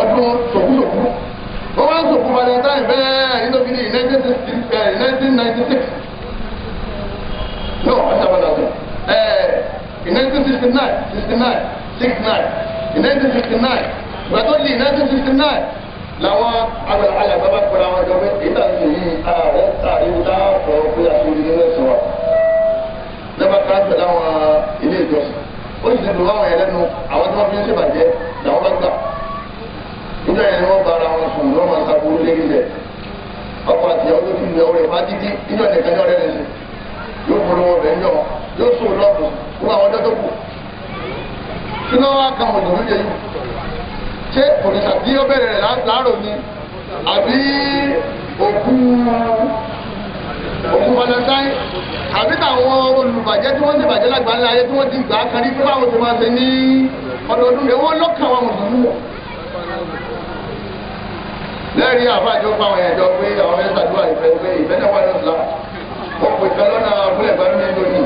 Speaker 1: ọdún sòkúsòkú ó wá ń sòkú valentine bẹ́ẹ̀. 1969 69 69 in 1969 ìgbà tó di 1969 làwọn àgbàlagbà bàbá kọ́ra wọn jọ pé ìta nìyí ààrẹ tààríwò láàpọ̀ pé àtúndì ní ẹ̀sán wa lọ́ba kan tẹ̀lé àwọn ilé ìjọsìn ó sì dùn láwọn yẹn lẹ́nu àwọn tí wọ́n fi ń ṣèbàjẹ́ làwọn bá gbà nígbà yẹn ni wọ́n bá ara wọn sùn lọ́wọ́ máa sàbúrú lérí rẹ̀ ọkọ̀ àtìyàwó tó fi lè ọrẹ bá dídí níjọ́ nìkan ní ọ̀rẹ́ rẹ̀ sí yóò yóò sùn lọ́kùn fún àwọn ọjọ́ tó kù kí ló wá kan ọ̀dọ̀ oúnjẹ yìí ṣé òrìṣà bí ó bẹ̀rẹ̀ rẹ̀ láàárọ̀ ni àbí òkú òkú valentine àbí táwọn olùbàjẹ́ tí wọ́n ti bàjẹ́ lágbàlá ayé tí wọ́n ti gbà kan rí fún àwọn tó máa ṣe ní ọdọọdún èwo lọ́kàn wa mùsùlùmí lẹ́rìí àfáàjọ pa àwọn ẹ̀jọ́ pé àwọn ẹ̀ṣàdúrà ìfẹ́ ìfẹ́ náà wà lọ́sùlá ọ̀pọ̀ ìfẹ́ lọ́nà abúlé ìgbàlódé lónìí.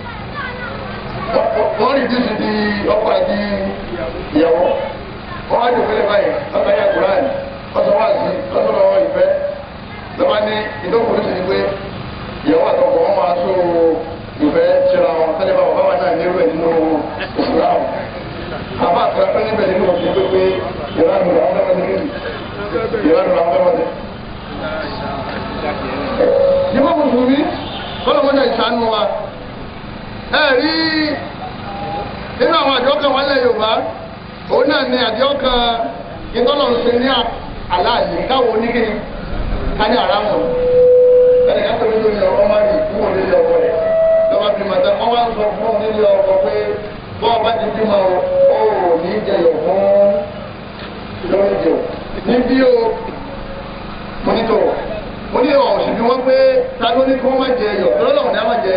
Speaker 1: wọ́n rí dísù di ọkọ àti ìyàwó wọ́n á dùn fẹ́lẹ́ báyìí ọ̀tá yà kúránì ọ̀tọ̀ wá sí ọ̀tọ̀ lọ́wọ́ ìfẹ́ lọ́wọ́ ní ìdókòwò sí ni pé ìyàwó àtọkọ wọn máa tó ìfẹ́ ṣẹlá wọn fẹ́lẹ́ bá bàbá náà ní ìwé nínú oṣù láwọn bàbá àtàrà fẹ́ níbẹ̀ nínú oṣù pé pé
Speaker 2: ìlànà àwọn fẹ́ẹ́ ìlànà àwọn fẹ́ẹ́
Speaker 1: ìmọ̀ mùsùlùmí kọ́lọ́mọdé ìsánú wa. ẹ̀rí nínú àwọn àdìọ́kàn wọn lẹ̀ Yorùbá òun náà ni àdìọ́kàn ìtọ́lọ̀ ń ní àlàyé káwọn ní àràmù ẹnì kan lórí ọkọ má rí ìkú òní ọkọ rẹ lọ́wọ́ sọ fún ọkọ pé bá ti bímọ o ò ní fún o mo ní tó mo ní ọ̀sùn bí wọ́n pé ló ní kí wọ́n má jẹ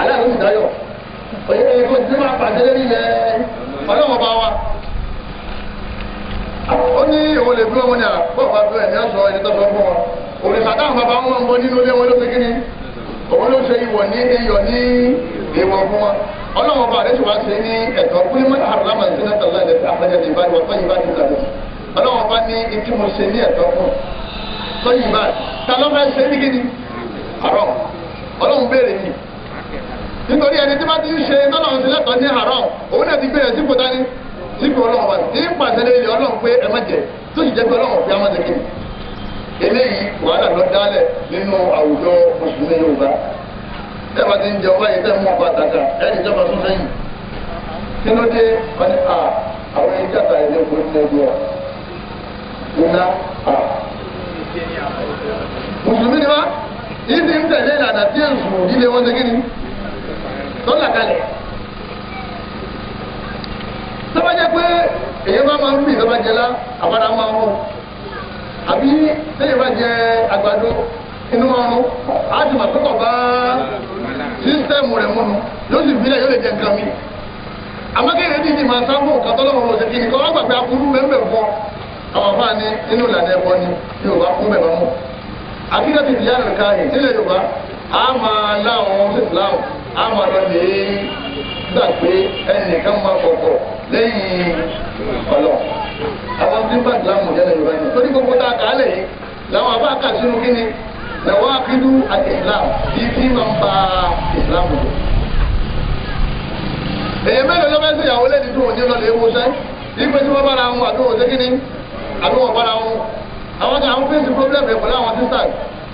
Speaker 1: aláàrú ìdáyọ̀ òye ẹgbẹ́ tí máa pàdé lórí ilẹ̀ ọlọ́wọ́ bá wa. ó ní òun lè bí wọn ní àpọ̀pọ̀ àbúrò ẹ̀mí ọ̀sọ̀ ẹni tó sọ fún wọn òrìṣà táwọn bàbá wọn bọ nínú ilé wọn ló fi kíni òun ló ṣe ìwọ̀ ní iyọ̀ ní ìwọ̀ fún wọn ọlọ́wọ́ bá rẹ̀ ṣùgbọ́n ṣe ní ẹ̀tọ́ kúlẹ̀ mọ́tà àrùlámà sí náà tàlá ẹ̀dẹ̀ àpẹjẹ ti tọ́yìn bá ti tàbí ọlọ́wọ́ bá ní ikú mo ṣe ní ẹ̀tọ́ fún tọ́yìn bá ṣe ní kíni àrọ́ yìí nítorí ẹni tí bá ti ń ṣe tọ́lọ̀ ń ṣe lẹ́tọ̀ọ́ ní haram òun náà ti gbé rẹ̀ sípò dání sípò ọlọ́run bá ti ń pàṣẹ ilé ọlọ́run pé ẹ má jẹ tó sì jẹ́ pé ọlọ́run fi á jẹ kí eléyìí wàhálà lọ dálẹ̀ nínú àwùjọ yorùbá bá ti ń jẹ ọba yìí tẹ́ mú ọba tàkà sẹ́yìn kí ló dé a àwọn mùsùlùmí ni wá ń tẹ̀lé ìlànà tí wọn ṣe kí ni. tó là kalẹ̀ sọ́bàjẹ́ pé èyí bá máa ń bì sọ́bàjẹ́ la àbára máa ń rún àbí sẹ́yìn bá jẹ àgbàdo inú ọrùn á ti mà pẹ́kọ̀ bá sísítẹ́ẹ̀mù rẹ̀ múnu yóò sì bílẹ̀ yóò lè jẹ nǹkan mi àmọ́ kéde tí ìdí máa sábò nǹkan tó lọ́wọ́ lọ́sẹ̀ kí nìkan wọ́n gbàgbé aburú mẹ́mẹ́ fọ́ àwọn afáà ní inú ìlànà ẹ̀bọ ni Yorùbá fún mẹ́mẹ́ mú àbí láti ìdíyà nìkan ìtìlẹ̀ Yorùbá á máa láwọn Islam àmọ́ lè gbà pé máa kọ̀kọ̀ lẹ́yìn ọ̀lọ́ àwọn tí ń bá ìlànà yorùbá yìí torí gbogbo tá a kà á lẹ̀ yìí làwọn àbá kà sínú kíni làwọn akíndú àti islam bíi tí máa ń ba islam lò. èyí mélòó ló fẹ́ sí lẹ́ni tó òun ní lọ́lẹ̀ sẹ́ ìgbé tí wọ́n bára wọn bára wọn àwọn kan àwọn fèsì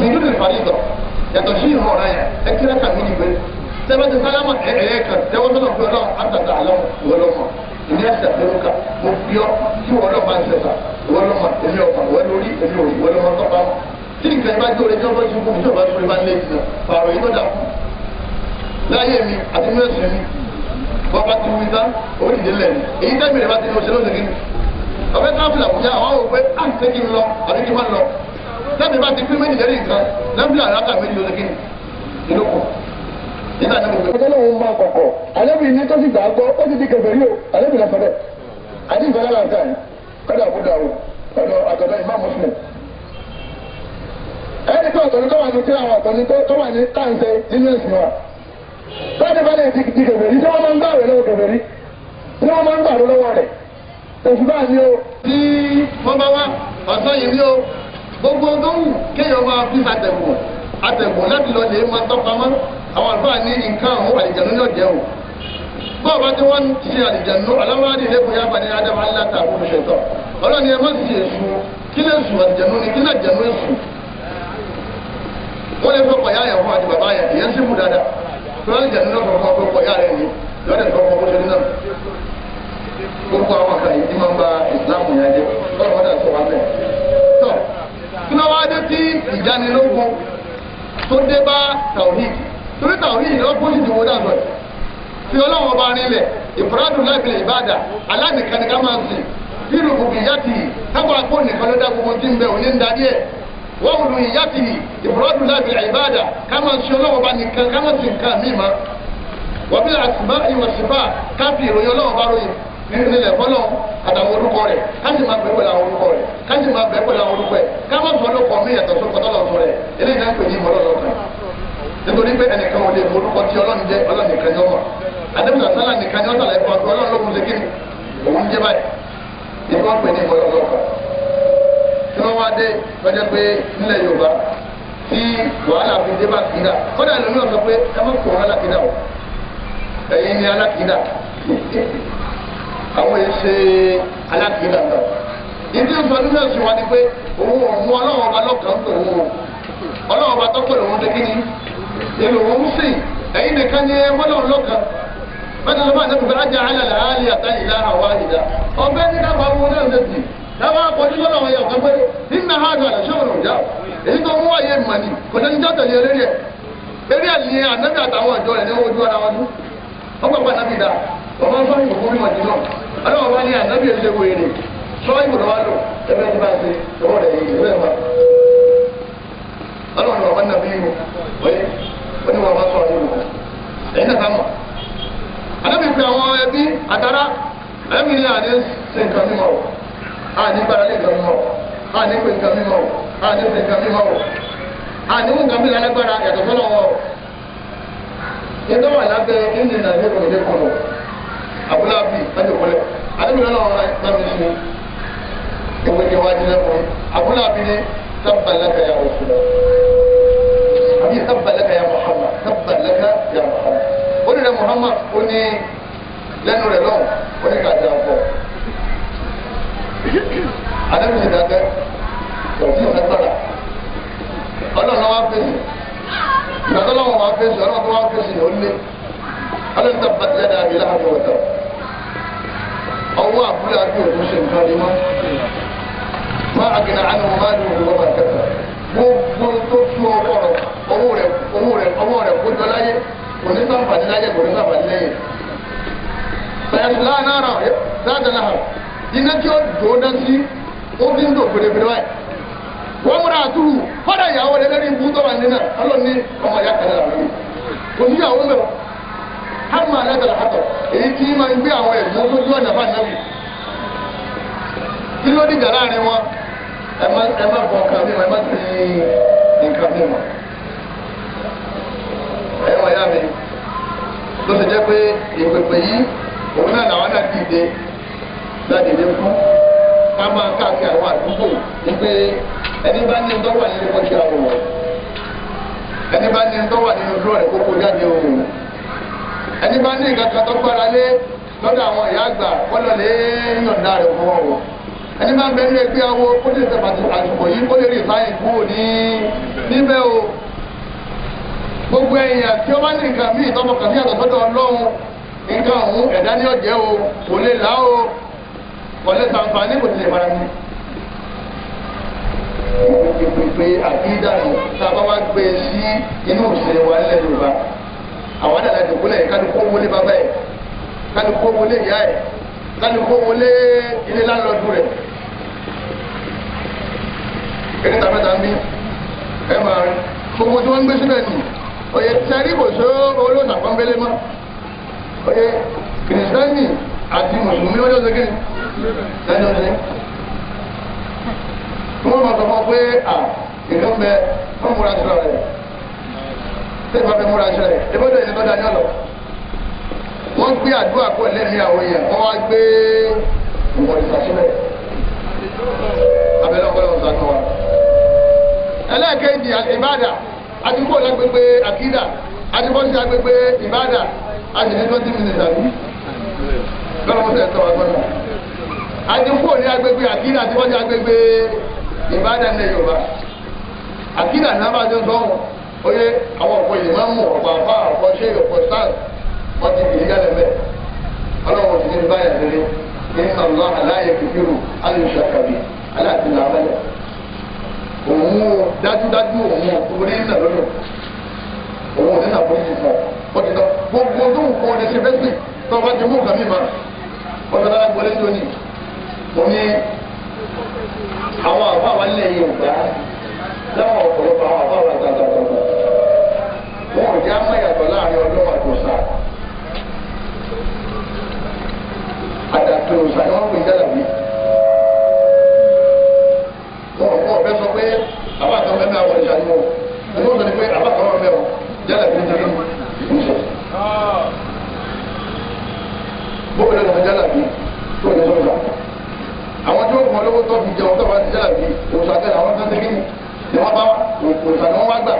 Speaker 1: nínú ìfàlídọ yàtọ̀ sí ìhọ ọ̀rẹ́ yẹn ẹ kí lẹ́ka mi nìgbẹ́ sẹ́fẹ̀tì sálámà ẹ̀ẹ́yẹ kan tẹ́wọ́ sọ́nà fún ọlọ́run àtàtà àlọ́ ìwọlọ́mọ ìní ẹsẹ̀ lóru ká mo fi ọ kí ìwọlọ́mọ àṣẹta ìwọlọ́mọ èmi ọ̀pá wọ́n lórí èmi òru ìwọlọ́mọ tọ́pá wọn tí nǹkan bá jó orin tí wọ́n bá ju kúkú tí wọ́n bá sọ ìbá lé ìsìn pààrọ̀ yìí lọ́dà kù láyé mi àti mẹ́sìn mi wọ́n bá ti wí tán orílẹ̀-èdè èyí tẹ́mi rẹ̀ bá ti ní oṣù lóṣèlú ọ̀fẹ́ káfíńà kò já àwọn òwe à ń tẹ́kí ń lọ àbí kí wọ́n lọ lẹ́bi bá ti pín méjì lérí nǹkan lẹ́bi àràkà méjì ló lékè nínú kù nígbà náà mo gbé. ọjọ́ lóun máa kọ̀kọ̀ àlẹ́bí ní tó ti gbà gbọ́ ó ti di kẹfẹ́ rí o àlẹ́bí náà fẹ́rẹ̀ àti ìfẹ́ lára nǹkan yìí kọ́dà àbúdà o ọ̀dọ̀ àtọ̀dọ̀ ìmá mùsùlùm. ẹni pé ọ̀tọ̀ tó wà ní kíra àwọn ọ̀tọ̀ ni tó wà ní táǹtẹ̀ nínú ẹ̀sìn wa. báyìí bá lè di kẹfẹ́ rí tí wọ́n máa ń gbà rẹ̀ lọ́wọ́ kẹfẹ́ rí tí wọ́n gbogbo ọgọ́rùn kéèyàn máa fi àtẹ̀wọ̀ àtẹ̀wọ̀ láti lọ lè máa tọ́pamọ́ àwọn àlùfáà ní nǹkan àwọn àlìjẹ̀nu yóò jẹ́ o bọ́ọ̀ bá tí wọ́n ti àlìjẹ̀nu aláwárí lẹ́kùn yá bani adama aláta àkókò ṣètọ́ ọlọ́ni ẹ má sì èṣù kí lè sùn àlìjẹ̀nu ni kí lè jẹ̀nu èṣù wọ́n lè fọ́kọ̀ yá yẹn fún àti bàbá yẹn ìyẹn sì mú tó náà rẹ̀ lọ́dẹ̀ wá dé sí ìdánilógún tó dé bá tawhid torí tawhid ọpọ́sìtì wo dàgbọ́ fi ọlọ́run ọba rinlẹ̀ ìfúrádùn láti lè ìbàdà alánìkanìká máa sìn bírù bùkún yàtì tábà kó nìkan ló dá gbogbo tí ń bẹ òní ń darí ẹ̀ wọ́n wùlù ìyàtì ìfúrádùn láti lè ìbàdà ká máa sìn ọlọ́run ọba nìkan ká máa sìn nǹkan míì mọ́ wọ́n bí àtìmá ìwọ̀sìfà káfí ìròyìn ọlọ́run ọba ròyìn nínú ilẹ̀ fọlọ́ àtàwọn orúkọ rẹ̀ káṣí máa bẹ̀rẹ̀ pẹ̀lú àwọn orúkọ rẹ̀ káṣí máa bẹ̀rẹ̀ pẹ̀lú àwọn orúkọ rẹ̀ ká má fọ́ lóko mí yàtọ̀ sóko tọ́lọ̀ sọ rẹ̀ eléyìí náà ń pè ní ìmọ̀lọ́ lọ́kàn nítorí pé ẹnìkan ò lè mọ orúkọ tí ọlọ́run jẹ́ ọlọ́run nìkan ni ó mọ̀ àdébùsà sálà nìkan ni ó sàlẹ̀ fún ọdún ọlọ́run lókun lékè òun jẹ́ báyìí ìfọ́ pè ní ìmọ̀lọ́ lọ́kàn tí wọ́n wá dé lọ́jọ́ pé nílẹ̀ Yorùbá tí wàhálà fi dé bá kìdá kọ́dà lómi ọ̀sán pé ẹ má kó wọn alákìdá o ẹ̀yin
Speaker 2: ni
Speaker 1: àwọn yìí ṣe alágbèéga kan ìdí ìsọdún náà sì wá ni pé òun ò mú ọlọ́run ọba lọ́kàn tó òun o ọlọ́run ọba tó pẹ̀lú òun dékìní èlò òun sì ẹ̀yin nìkan ni ọlọ́run lọ́kàn bẹ́ẹ̀ ni wọ́n máa ń sẹ́kùn pé ajá alàlà àlè àtàlè ìlànà wa ìdá ọbẹ̀ ní ká bá wọn náà lè dì dáwọ́ akọ̀dé lọ́nà wọn yà ọ̀kan pé nínú àhàdù àlàṣọ́ọ̀rọ̀ ọ̀dà èyí tó mú wáyé màní kò sẹ́ni jọ́ tẹ̀lé eré rẹ̀ eré àlè ànábì àjọ rẹ̀ ní ọlọ́run wá ní ànábì ẹ̀ṣẹ̀ wèrè sọ ìmọ̀ràn wá lò ẹgbẹ́ ní bá ṣe ọwọ́ rẹ̀ yìí ẹgbẹ́ wa ọlọ́run wà wọn nàbí yìí wọ́n wọ́n ní wọn wá sọ ọ̀hún lò ẹ̀yin náà sámọ̀ ànábì pé àwọn ẹbí àtàrà ẹ̀mí ní àdé ṣe nǹkan mímọ́ o àní gbára lé nǹkan mímọ́ o àní pé nǹkan mímọ́ o àní ṣe nǹkan mímọ́ o àní wọn nǹkan mímọ́ alágbára yàtọ̀ sọ́lọ́wọ́ o abúlé àbí sájòkólẹ̀ àdébìnrin náà wọn náà mi nìyẹn ìwé ni wọn adìyẹ fún abúlé àbí ni sábàlẹ́kà yà wọ́n fún àbí sábàlẹ́kà yà Muhammad sábàlẹ́kà yà Muhammad ó ní rẹ Muhammad ó ní lẹ́nu rẹ lọ́wọ́ ó ní kàdé àpọ̀ àdébìnrin dàgbẹ́ òfin rẹ tọ́ra ọlọ́run wa fèsì ìgbàdọ́lọ́wọ́ wa fèsì ọlọ́run tó wa fèsì ó lé ọlọ́run tó bàtí lẹ́nu àbí láhàbí wọ̀tọ̀ ọwọ́ àbúlé àbí òkú ṣe nǹkan rí mọ́ máa àgìnà àánú máa ní òwúrọ̀ máa kẹta gbogbo tó fún ọkọ rẹ owó rẹ owó rẹ ọwọ́ rẹ kó jọ láyé kò ní sàǹfààní láyé kò ní sàǹfààní lẹ́yìn. sàyẹ̀sì láàánú ara láàdá náà iná tí ó dòó dá sí ó ti ń dò fèrèfèrè báyìí wọ́n múra àtúrù hama lẹ́tọ̀lá hàtọ̀ èyí tí máa ń gbé àwọn ẹ̀gbọ́n lójú ọ̀nà bá nàbì kí ló dìjà láàrin wọn ẹ ẹ ma ti nǹkan ẹ wọ ya mi ló ti jẹ na ìpèpè yìí òun náà làwọn náà dìde láti lè kú ká máa káàkiri àwọn àdúgbò ní pé ẹni ni ní ọdọ ni nínú kọjú àwọn ẹni bá ní wà nínú dúró rẹ ẹni bá ní nǹkan kan tó gbára lé lọ́dọ̀ àwọn ìyá àgbà kọ́lọ̀ lé yọ̀ǹda rẹ̀ fọwọ́ wọn ẹni bẹ kó lè yìí kó lè rí ìsáyìn kúrò ní níbẹ̀ o gbogbo èèyàn tí ó ní nǹkan o kò lè là o kò lè sàǹfààní kò fara mi. ìpèpè a bá wá gbé e àwọn àdàlà ìdòkúlẹ̀ yìí kálukó wọlé bàbá yìí kálukó wọlé ìyá yìí kálukó wọlé ilé lálọ́dún rẹ̀ kéde tàbí tàbí ẹ máa rí gbogbo tí wọ́n ń gbé síbẹ̀ nì oyè tẹ́rí kò só olóòtú àpọ́nbélé mọ́ oyè kìrìsìtẹ́nì àti mùsùlùmí wọ́n yóò ṣe kéde lẹ́nu ọ̀sẹ̀ tí wọ́n máa sọ fún ọ pé à nǹkan bẹ wọ́n múra síra rẹ̀ ṣé ìwà fẹ́ múra aṣọ rẹ̀ ìbọ̀dọ̀ ẹni tó da wọ́n gbé àdúrà kó lẹ́mìí àwọn èèyàn wọ́n wá gbé ìwọ̀ abẹ́lẹ́ ọ̀pọ̀lọpọ̀ ọ̀sán kan wa. ẹlẹ́ẹ̀kejì ìbàdà àdúgbò lágbègbè àkídà àdúgbò sí agbègbè ìbàdà àdìmẹ́tọ́tì mínísítà lù. wọ́n ti ó yẹ àwọn ọ̀pọ̀ yìí máa ń mú ọ̀pọ̀ àbá ọ̀pọ̀ ṣé ọ̀pọ̀ sáà wọ́n ti kìí yálẹ̀ mẹ́ ọlọ́run ti ní báyà lórí inna allah aláyẹ kìkìrù alùsàkàbì aláàtì làbẹ́lẹ̀ òun dájúdájú òun òkúrí nà lọ́dọ̀ òun ò ní nà fún ìfọ̀ ọ̀dì náà gbogbo tó ń kọ́ ọ̀dẹ̀ ṣe bẹ́sì tó bá ti mú kàmí ma ọ̀dọ̀ náà gbọ́dẹ̀ tó ní àwọn àbá yìí ò gbà
Speaker 2: láwọn ọ̀pọ̀lọpọ̀ àwọn àbá wa
Speaker 1: wọn ò já mẹ́yàtọ̀ láàrin ọlọ́wọ́ àtòsà àtàtòsà ni wọ́n pè jálàbí wọn ò kọ́ ọ̀bẹ sọ pé abákan mẹ́mẹ́ àwọn ìjà ni wọn ò ní wọ́n sọ ni pé abákan mẹ́mẹ́ wọn jálàbí ní tẹ́lẹ̀ ìmúṣẹ. bóbi ló ń sọ jálàbí tó lè sọ̀rọ̀ àwọn tí wọ́n mọ lówó tó fi jẹun tó bá ti jálàbí òṣàtẹ̀ àwọn tó ti kí ni wọ́n bá òṣàtẹ̀ wọ́n wá gbà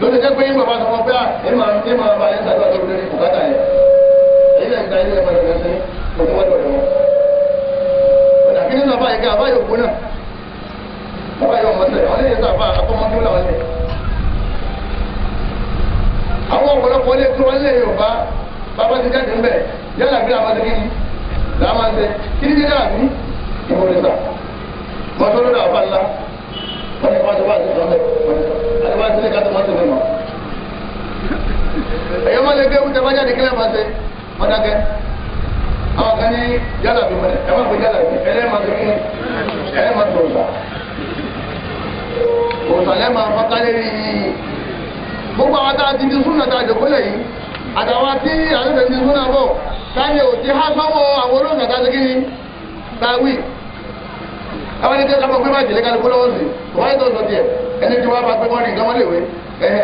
Speaker 1: lórí jẹ́ pé bàbá sọ wọn pé ah, ẹ máa ẹ máa bá yẹn sàdúrà lórí lórí bùkátà yẹn èyí lẹ́yìn ìgbà yẹn lọ́dọ̀ lọ́dọ̀ sí òkú wọ́dọ̀ lọ́wọ́. ọ̀nà kí ní sàfà yìí ká àbáyọ̀ òkú náà àbáyọ̀ ọmọ sẹ̀ ọ̀lẹ́ yẹn sàfà àkọ́mọ́dé làwọn lẹ̀. àwọn ọ̀pọ̀lọpọ̀ lè tó wọlé Yorùbá bàbá ti jáde ńbẹ̀ yálà bí làwọn ti kíni làwọn ti kíni wọ́n yẹ kó aṣọ bá ti sọ bẹ́ẹ̀ aṣọ bá ti lè ká tó má ti lè mọ̀. ẹ̀yọ́ máa lè gbé oúnjẹ bá jáde kílẹ̀ máa ṣe wọ́n dákẹ́ àwọn kan ní yálà bí wọ́n ẹ̀ má gbé yálà bí ẹ̀rẹ́ máa tó kíni ẹ̀rẹ́ máa tó òòsà òòsà lẹ́ máa fọ́n kálẹ̀ rí i gbogbo àwọn àwọn ẹni tí wọ́n sọ pé má jèlé kálukú lọ́wọ́ sí wọ́n yẹ tó sọ tiẹ̀ ẹni tí wọ́n bá pé wọ́n rí nǹkan wọ́n lè wé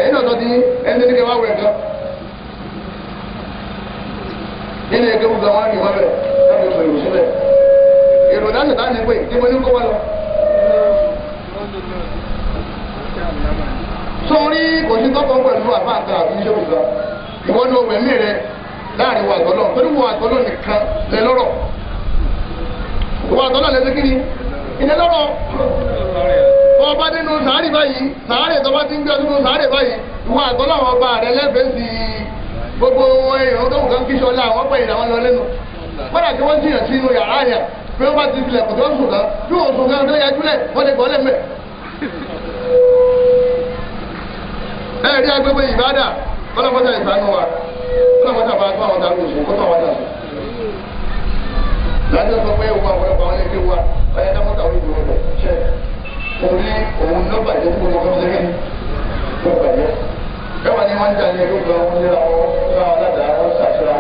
Speaker 1: ẹni ọ̀sọ́ ti ẹni tí wọ́n wẹ̀ nǹkan. nínú ẹgbẹ́ gbogbo àwọn àrùn ìwọ́bẹ̀ láti sọ ìrù sílẹ̀ èrò dáná tá ní pé tí mo ní kó wá lọ. sọrí kò sí tọ́kọ̀ pẹ̀lú àbáàtà àti iṣẹ́ òkúta ìwọ ni òwe mí rẹ láàrin wà tọ́lọ́ torí wà tọ́lọ́ nìkan lẹ lọ́rọ̀ wà tọ́lọ́ ni ìnẹ́lọ́rọ̀ ọba nínú sàárì báyìí sàárì tó ti ń gbé ọdún sàárì báyìí ìwọ àgọ́lọ́ ọba rẹ lẹ́fẹ̀ẹ́ sí gbogbo èèyàn olóhùn kan kíṣọ ọlá àwọn pẹ̀lú àwọn lọ lẹ́nu kódà kí wọ́n jìyàn sínú yàrá yà pé wọ́n bá ti filẹ̀ kò sùn kan tí wọ́n sùn kan tó yẹjú lẹ̀ wọ́n lè gbọ́ lẹ́mẹ̀. ẹ rí agbègbè ìbádà kọ́lọ́mọ́tà ìsánú wa kọ́lọ́mọ́tà bá tó àwọn tá a lò sùn kó tó àwọn tá a sùn lájọ́ sọ pé òun àwọn ẹ̀kọ́ àwọn ẹ̀kẹ́ wa ọ̀yá ká mọ́ta orí ìdúró rẹ̀ ṣe òun ní òun ló bàjẹ́ tó lọ́kọ́ tó lẹ́yìn ló bàjẹ́. káwa ni wọ́n ń jalè ló gba wọn lé àwọn ọ̀rọ̀ aládàá wọn ṣàṣà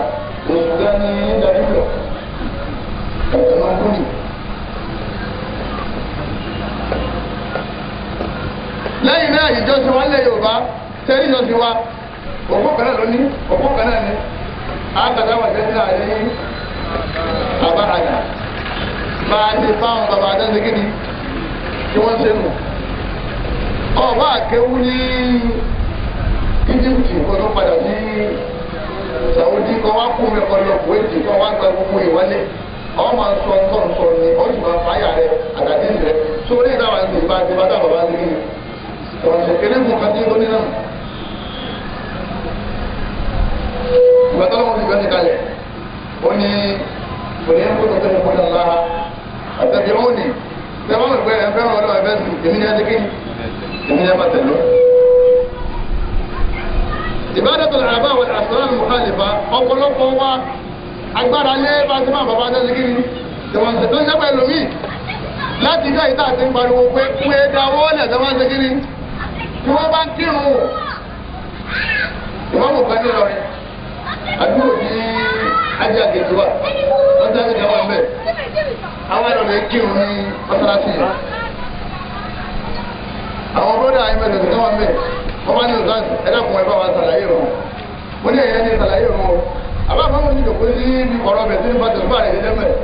Speaker 1: òṣùgbọ́n ní ìdarí lọ ẹ̀sìn máa ń kú jù. lẹ́yìn náà ìjọsìn wa lẹ Yorùbá tẹ́lẹ̀ ìjọsìn wa òpó kan náà ló ní òpó kan náà ní àgbàdo àwọn ìjọsìn náà àbáradà na fáwọn bàbá adáṣe tí wọ́n ṣe baa ọba iji ní padà sí Sàwùdí kó wá kú mi kó lọ Kúwéètì wá gba gbogbo sọ nsọ ni rẹ rẹ sórí ìdáwà ní bàtà bàbá kéré mú kàdé lónìí náà ìgbà tó lọ́wọ́ ti kalẹ̀. ó ní òní kó tó tẹ̀lé kọ́tà ńlá ọ̀tẹ̀bí ó ní tẹ́wọ́n mi pé ẹ fẹ́ràn ọlọ́run ẹ̀fẹ́ sùn èmi ní ẹdínkì èmi ní ẹ máa tẹ̀lé. ìbádọ́tò làbá àwọn àṣàlám mùkàlìfà ọ̀pọ̀lọpọ̀ wa agbára lé bá ti máa bàbá ẹdínkì tẹ̀wọ̀n tẹ̀tọ́ ń sábà ẹlòmíì láti ilé ìta àti pariwo pé pé dáwọ́ lẹ̀ tẹ́wọ́n ṣẹ́kiri tí wọ́n bá ń kírun
Speaker 2: ìwọ́n mọ̀ pẹ́ nílọrin àdúgbò ní ajá kejì wa wọ́n ti àjẹjẹ wọn bẹ́ẹ̀ àwọn ẹ̀rọ lè kírun ní mọ́sálásí yẹn àwọn bọ́dà ayémẹ́lẹ̀ tó wọn bẹ́ẹ̀ wọ́n wá ní
Speaker 1: ọ̀sánsì ẹ̀dàkùn ẹ̀bá wa sàlàyé rọ̀ mo ní ẹ̀yẹ́ ní sàlàyé rọ̀ àbáfọ́ mo ní ìdòkó sí ọ̀rọ̀ bẹ̀ sí nípa tẹ̀síwá rẹ̀ nílẹ̀ mẹ́ẹ̀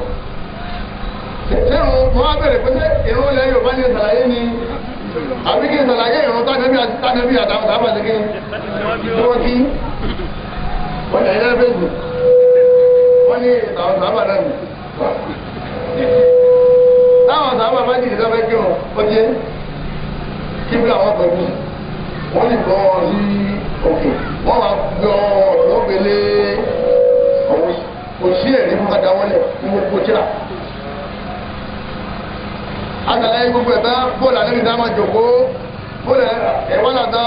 Speaker 1: ṣé irun mo wá bẹ̀rẹ̀ pé ṣé irun ilẹ̀ Yorùbá ní sàlàyé ni àbí kí n sàlàyé irun tánẹ́bí àtàwọn sábà ṣe kí wọ́n kí wọ́n yẹ̀ yẹ́ fèsì ó ní àwọn sábà náà nù. táwọn sábà bá jìnnì sábẹ́ kí kí bí wọ́n lè gbọ́ sí òkè wọ́n wá gbọ́ lọ́gbẹ̀lẹ́ ọ̀hún kò sí fún kàdá wọlé ní gbogbo tíra. àtàlẹ́ gbogbo ẹ̀ bá bọ́ọ̀lù alẹ́ ní dáhùn àjòkó bọ́ọ̀lù ẹ̀wọ́n làdá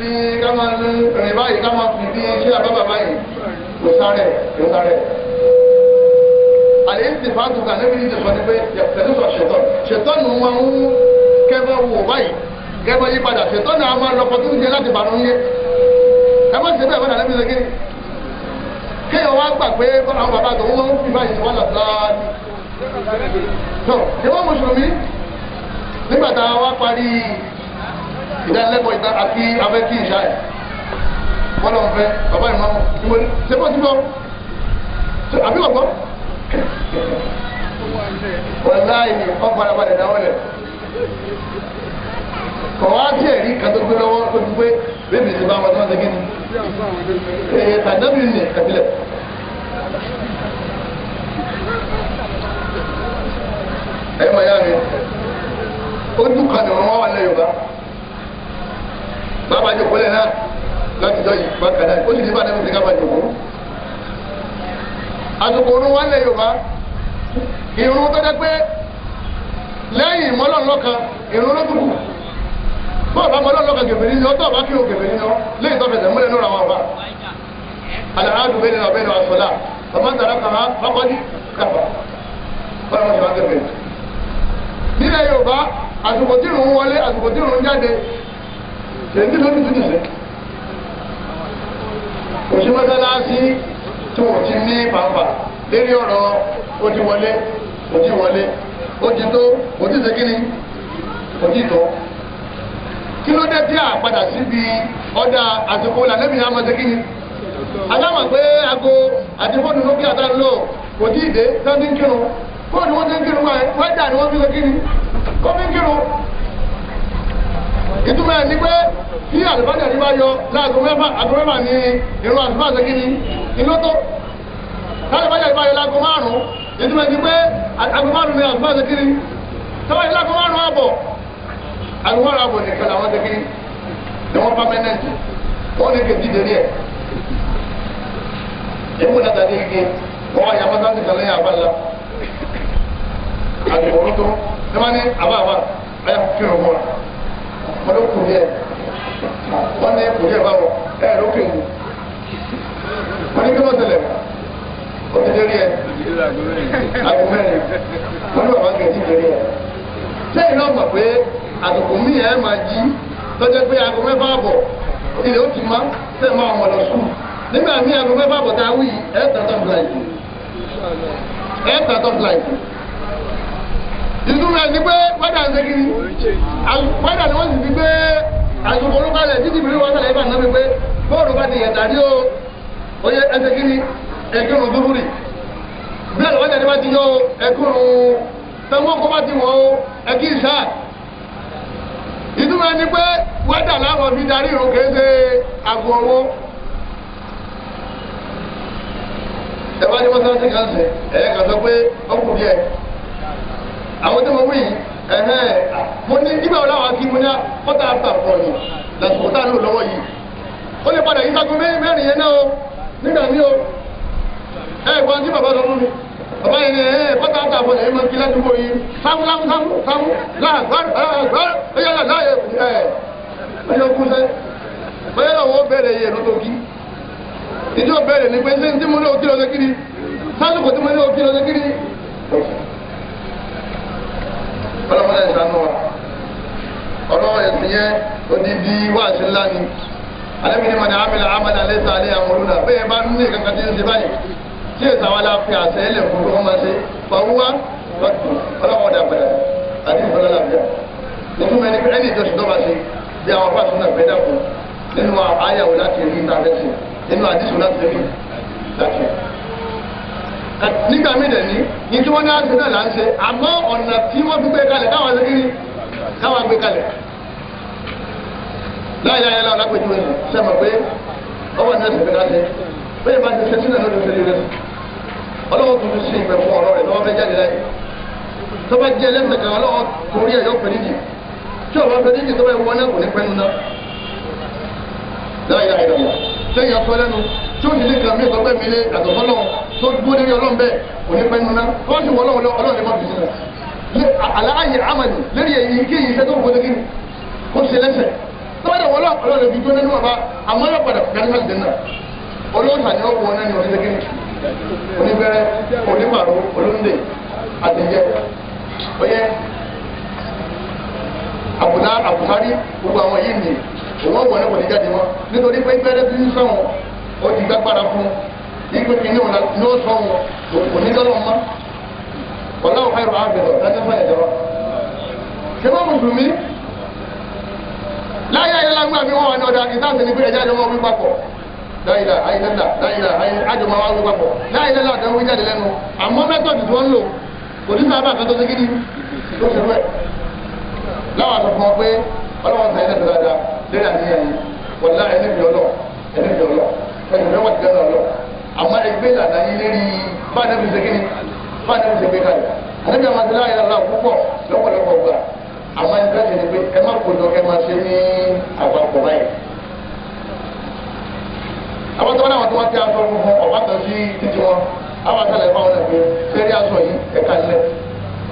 Speaker 1: ní ká máa rìn báyìí ká máa fi bí ṣé àbábà báyìí musare musare àlẹ́ ti fa tuntun àlẹ́ mi ti sọ ni pé tẹ̀lé sọ ṣètọ́n ṣètọ́n nù máa ń kẹ́bọ̀ wò báyìí kẹ́bọ̀ yí padà ṣètọ́n náà máa lọ pọtú ìdíyẹ láti bàánú yé ẹ má ṣe bẹ́ẹ̀ bọ́dà àlẹ́ mi ṣe kiri kéèyàn wá gbà pé àwọn bàbá tó wọ́n ń fi báyìí wọ́n lọ sáájú tó ìwọ mùsùlùmí nígbà tá a wá parí
Speaker 2: ìdánilẹ́kọ̀ọ́ ìta àti
Speaker 1: abẹ́kí ìṣáyẹ̀ ọlọ́run fẹ́ bàbá ìmáàmù ìmọ̀lẹ́ ṣé bọ́ ti gbọ́ àbí ọ̀gbọ́. wàláyé ọ̀pọ̀lọpọ̀lẹ̀ náà
Speaker 2: wọlé kọ̀wá sí ẹ̀rí kan tó gbé lọ́wọ́ tó gbé bébì sí bá wọn tó wọn ṣe kíni. èyí
Speaker 1: tàdábì ní ẹ̀kẹ́lẹ̀. ẹ máa yá mi ojú kan ni wọn wà lẹ́yìn bá bàbá jẹ́ kólẹ̀ náà. Yorùbá kan náà ó sì ní bàtà ìfúnṣe káfà ìdòkó. àsìkò orun wa lẹ Yorùbá irun tó dẹ pé lẹ́yìn mọ́lọ́lọ́kan irun ló dùkú bọ́ọ̀ bá ba kẹfẹ́rí ni ọ́ tọ́ọ̀ bá kí o kẹfẹ́rí ni ọ́ lẹ́yìn tó fẹsẹ̀ múlẹ̀ lóra wọn bá. àlàáfíà bẹ́ẹ̀ ni ọ̀bẹ́ ni ọ̀sọ̀lá bàbá ń tàrà kàrà fọ́kọ́dí kàfà bọ́ọ̀ wọn ti wá kẹfẹ́. kò sí mọ́sálásí tí wọ́n ti ní pàápàá lérí ọ̀rọ̀ ó ti wọlé ó ti wọlé ó ti tó o ti ṣe kíni ó ti tó kí ló dé tí a padà síbi ọ̀dà àsìkò làlẹ́bí náà máa ṣe kíni aláwọ̀ pé aago àti fóònù lókè àtàlọ́ kò tí ì dé tó ti ń kírun fóònù wọn ti ń kírun wáyé wáyé dà ni wọ́n fi ṣe kíni fi ń kírun ìtumọ̀ ẹni pé tí àlùbáṣà ní bá yọ láàgó mẹ́fà àgó mẹ́fà ní irun àlùbáṣà ṣẹ́gi ni iná tó tálùbáṣà ní bá yọ láàgó márùn-ún ìtumọ̀ ẹni pé àgó márùn-ún ní àlùbáṣà ṣẹ́gi ni tọ́wọ́ ní láàgó márùn-ún àbọ̀ àgó márùn-ún àbọ̀ nìkan làwọn ṣẹ́gi ni ni wọ́n pámẹ́nẹ́ǹtì wọ́n ní kejì lérí ẹ̀ èmi náà dàdí ike wọ́n wá yàgbọ́n sáà nìkan lẹ́yìn àbálá àgbẹ̀wò tó ní wọ́n ní àbá wọ́n. wọn ló kù díẹ̀ wọn ní kù díẹ̀ báwo ẹ ẹ ló kù ìlú wọn ní kí wọn tẹ́lẹ̀ wọn ti dérí ẹ àgbo mẹ́rin wọn ní bàbá kẹjì dérí ẹ sẹ́yìn náà mọ̀ pé àtùkù mí ẹ máa jí tọjọ pé àgbo mẹ́fà bọ̀ ilé ó ti má sẹ́yìn máa wọn lọ sùn nígbà míì tá a wí
Speaker 2: ẹ ẹ
Speaker 1: rẹ̀ ni pé wẹ́dà ń ṣe kiri ni wọ́n sì ti gbé àsopọ̀ olúkalẹ̀ títí ìbílẹ̀ wọn sàlẹ̀ ìbànú mi pé bá ti yẹ̀ o oyè ẹsẹ̀ kiri ẹ̀kírun dúrúrì bí ẹ̀rọ wẹ́dà ni bá ti yọ ẹ̀kírun tẹ̀wọ́n kó bá ti wọ̀ fi darí irun kìí ṣe ẹ̀fọ́ ni àwọn tó mọ wí ẹ̀hẹ́n mo ní nígbà wo láwọn akí mo ní kọ́tà àgbà pọ̀ ni lásìkò tá a lò lọ́wọ́ yìí ó lè padà yíká gun mẹ́rin yẹn náà o nígbà mí o ẹ gbọ́n tí bàbá fún mi bàbá yẹn ní kọ́tà pọ̀ ni ẹ máa kí ládùúgbò yìí sáwù sáwù sáwù sáwù láàgbọ́n ẹ yára láàyè ẹ ẹ ọlọ́mọdé ìsànú wa ọ̀rọ̀ ẹ̀sìn yẹn odidi wáàsí ńlá ni alẹ́mi ni mọ̀nà amílẹ̀ amẹ́lẹ̀ alẹ́ sàlẹ̀ àwọn olùdà bẹ́ẹ̀ bá ní kankan tí ń ṣe báyìí tí èsì àwọn aláfẹ́ àṣẹ ilẹ̀ kúrò wọn máa ṣe pàwọ́wá lọ́tù ọlọ́mọdé àpẹẹrẹ àti ìfọlọ́ làbíà nínú ẹni pé ẹni ìjọsìn tó bá ṣe bí àwọn fásitì náà fẹ́ dàpọ̀ nínú àyàwó láti rí ìtàfẹ́sì nínú àdìsù láti rí láti rí nígbà mí dẹ̀ni ní tí wọ́n ní àṣẹ náà là ń ṣe àmọ́ ọ̀nà tí wọ́n fi gbé kalẹ̀ káwọn ṣe kiri káwọn gbé kalẹ̀ láyé ayé aláwọ̀ lápẹ̀jùwẹ̀ sẹ́mọ̀ pé ọwọ́ ní ẹ̀sìn kẹta ṣe bẹ́ẹ̀ bá ti ṣe sílẹ̀ lórí ìṣẹ̀lẹ̀ rẹ̀ ọlọ́wọ́ tuntun sí ìgbẹ̀ fún ọ̀rọ̀ rẹ̀ lọ́wọ́ fẹ́ jáde láyé tó bá jẹ́ lẹ́sẹ̀ kan ọlọ́wọ́ torí ẹ̀ yọ pẹ̀lú yìí tí ọ̀rọ̀ pẹ̀lú yìí tó bá wọlé kò ní pẹ́nu náà láyà ìrànlá lẹ́yìn ọkọ lẹ́nu tí ó nílé kan mi sọ pé mi lé àtọ̀tọ̀ lọ́wọ́ tó dúró lórí ọlọ́run bẹ́ẹ̀ kò ní pẹ́ nínú náà ó wọ́n lọ́wọ́ ọlọ́run ní má bìí sílẹ̀ aláàyè amadi lórí èyí kí èyí iṣẹ́ tó wọlé kí ni kó lẹ́sẹ̀ tọ́wọ́dẹ̀ wọ́n lọ́wọ́ ọlọ́run fi gbóná nínú ọba àmọ́ yóò padà gánà jẹ náà olóòtú àti ọkùnrin wọn náà òwò wọ̀ náà wọ̀ ní jáde wọn nítorí pé gbẹ́rẹ́ bí sọ̀hún ó ti gbá para fún un nígbà kí ní òun ní ó sọ̀hún òní lọ́lọ́ mọ́ ọ̀làwọ̀ fẹ́rù àbẹ̀rọ̀ lọ́jọ́ fẹ́rẹ̀ jọba. ṣé wọ́n mùsùlùmí láyé ayé lágbó àbí wọn wà ní ọ̀dà ìtàn sí ni pé ẹja ìjọba wí papọ̀ láyìlá àyìnlá láyìlá àjọmọ àwọn wí papọ̀ láyìlá àtẹwé jáde lẹ́nu àmọ́ mẹ́tọ̀dù tí wọ́n lò kò ní sábà kan tó ṣe kí ni tó ọ pé ọlọ́wọ́n sàn ẹ̀ lórí àníyàn yìí wọlá ẹni mi ọlọ ẹni mi ọlọ ẹni mi wọn ti dáná ọlọ àmọ́ ẹgbẹ́ ìlànà yìí lérí bá ẹni mi ṣe kíni bá ẹni mi ṣe gbé kalẹ̀ àníbi àwọn àti láyé lọ púpọ̀ lọ́pọ̀lọpọ̀ gbà àmọ́ ẹni bẹ́ẹ̀ ni pé ẹ má kó lọ kẹ máa ṣe ní àgbàpọ̀ báyìí. àwọn tó wọn àwọn tó wọn ti aṣọ funfun ọba tó sí títí wọn àwọn àtàlẹ fáwọn ẹgbẹ́ sẹrí aṣọ yìí ẹka lẹ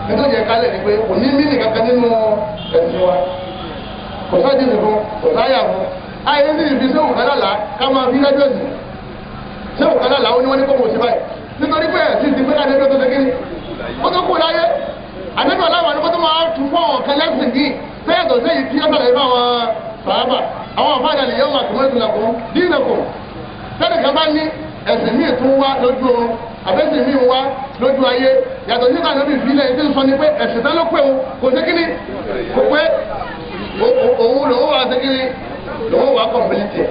Speaker 1: nítorí ẹka lẹ ni pé kò ní mímì kankan nínú ẹsìn wa kò sáàdì nìkan kò sáyà fún ayé ní ìfi sẹ́wọ̀n kan lálàá ká máa fi rẹ́díò sí sẹ́wọ̀n kan lálàá ó ní wọ́n ní kókò sí báyìí nítorí pé ẹ̀sìn ti gbé láti ẹgbẹ́ tó ṣe kiri ó tó kú láyé àdébà láwọn àdébà tó máa tún fún àwọn kan lẹ́sìn yìí bẹ́ẹ̀ tó ṣe yìí kí ọ́sàn lè bá àwọn sàábà àwọn àfáàdà lè yẹ́wò àtúmọ̀ ìtura kún díìnà kún tẹ́lẹ̀ kan bá ní ẹ̀sìn míì tún wá lójú oorun àbẹ́sìn míì wá lójú ayé yàtọ̀ nígbà tó bí ìfilẹ̀ yìí ti sọ ni pé ẹ̀sìn tán ló pé òun kò ṣe kíni kò pé òun lòun wà sẹ́kìrì lòun wà kọ̀m̀pìlìtì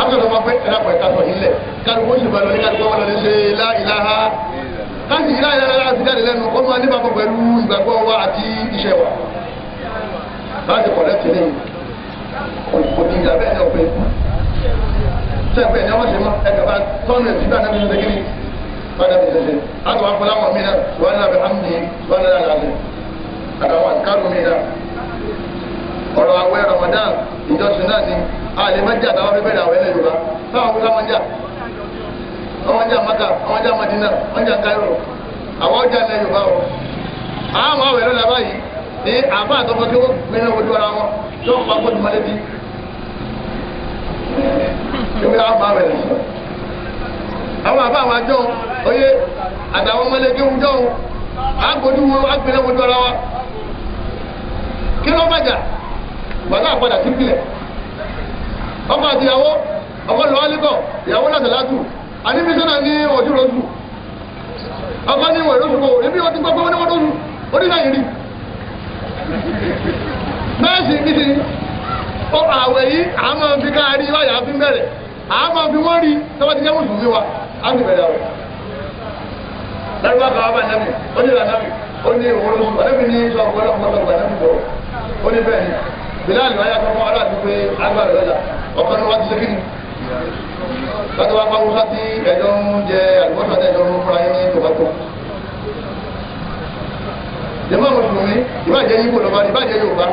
Speaker 1: akọ̀rọ̀ máa pẹ́ ẹ̀rọ àpẹẹ̀ká sọ ilẹ̀ kálukú yìí balọ̀ ní kálukú balọ̀ ní lé láìláha káàsì yìí láìláha láti jáde lẹ́nu ó máa nípa pọ̀ pẹ̀lú ìgbàgbọ́ wa àti iṣẹ́ wa láti kọ̀rẹ́ tẹ̀lé òdì ìyàbẹ̀ ẹ̀ ọ̀pẹ sẹ́pẹ̀ ní ọmọdé ma ẹ̀ka bá tọ́nu ẹ̀ síta náà ní ọ̀sẹ̀ kiri padà bí ẹ̀sẹ̀ àtọ̀ àtàwọn àkàrò mi rà ọ̀rọ̀ àwẹ̀ Ramadan ìjọsìn náà ni àlè má jà táwọn bẹ̀rẹ̀ àwẹ̀ ilẹ̀ Yorùbá táwọn wúlá má jà àwọn jà Maka àwọn jà Madina àwọn jà Cairo àwọn ọjà ilẹ̀ Yorùbá o àwọn àwẹ̀ lọ́la báyìí ní àbá àtọ́mọ tó gbẹ̀rẹ̀ ojú ara wọn tó ń pa gbọ́dọ̀ mọ́lẹ́ bí ebi àwọn àwẹ̀ lẹ̀ àwọn àbá àwọn àjọ òye àtàwọn mọ́lẹ́ kí wọ́n agbọ̀dú wo agbẹ̀lẹ̀ wo dọ́ra wa kí ló bàjá wàhálà àpàdà sí ìpìlẹ̀ ọkọ àti ìyàwó ọkọ lọ́wọ́ lẹ́kọ̀ọ́ ìyàwó ní ojú rojú ọkọ ní ìwọ̀ ìrọ́sùn kò ebi wọn ti gbọ́ pé wọ́n ní wọ́n náà yìí ní lọ́dún bá bá nàbì ó ní lànàbì ó ní ìwúrò sùn ọ̀nàbì ní sọ ọ̀pọ̀lọpọ̀ lànàbì bọ̀ ó ní bẹ́ẹ̀ ni bilal wáyà kọ́kọ́ aláàbí pé agbára lọ́la ọ̀kan ní wá ti sẹ́kìnì lọ́dún bá bá wúsá tí ẹ̀jọ̀ ń jẹ àlùbọ́sà tí ẹ̀jọ̀ ń fura yín ní tòbátò. jẹ́mọ́ mùsùlùmí ìbàjẹ́ yín kò lọ́ba ìbàjẹ́ Yorùbá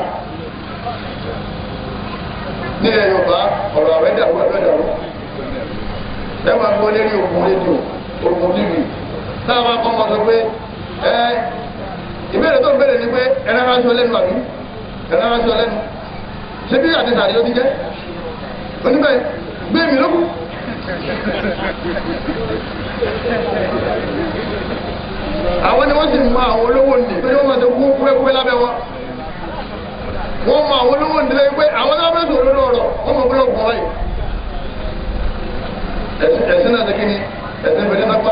Speaker 1: nílẹ̀ Yorùbá ọ̀rọ̀ àwẹ̀dàwọ̀ àwẹ̀dàwọ̀ ẹ̀ máa gbọ́ lérí òkun rédíò òkun tíì táwọn máa kọ́ wọn sọ pé ẹ ìbéèrè tó ń béèrè ni pé ẹ̀rọ aṣọ lẹ́nu àbí ẹ̀rọ aṣọ lẹ́nu ṣé bí àti sàrí ló ti jẹ́ onígbà gbé mi lókun.
Speaker 2: àwọn ni wọ́n sì mú
Speaker 1: àwọn olówó nì pé wọ́n máa ṣe kú kúrẹ́kúrẹ́ lábẹ́ wọn
Speaker 2: wọ́n mọ àwọn olówó nì lẹ́yìn pé àwọn tó bá fẹ́ sọ̀rọ̀
Speaker 1: lọ́rọ̀ wọ́n mọ̀ bọ́lọ̀ gbọ́n báyìí ẹ̀sìn náà ṣe kí ni ẹ̀sìn ìbẹ̀rẹ̀ náà pa.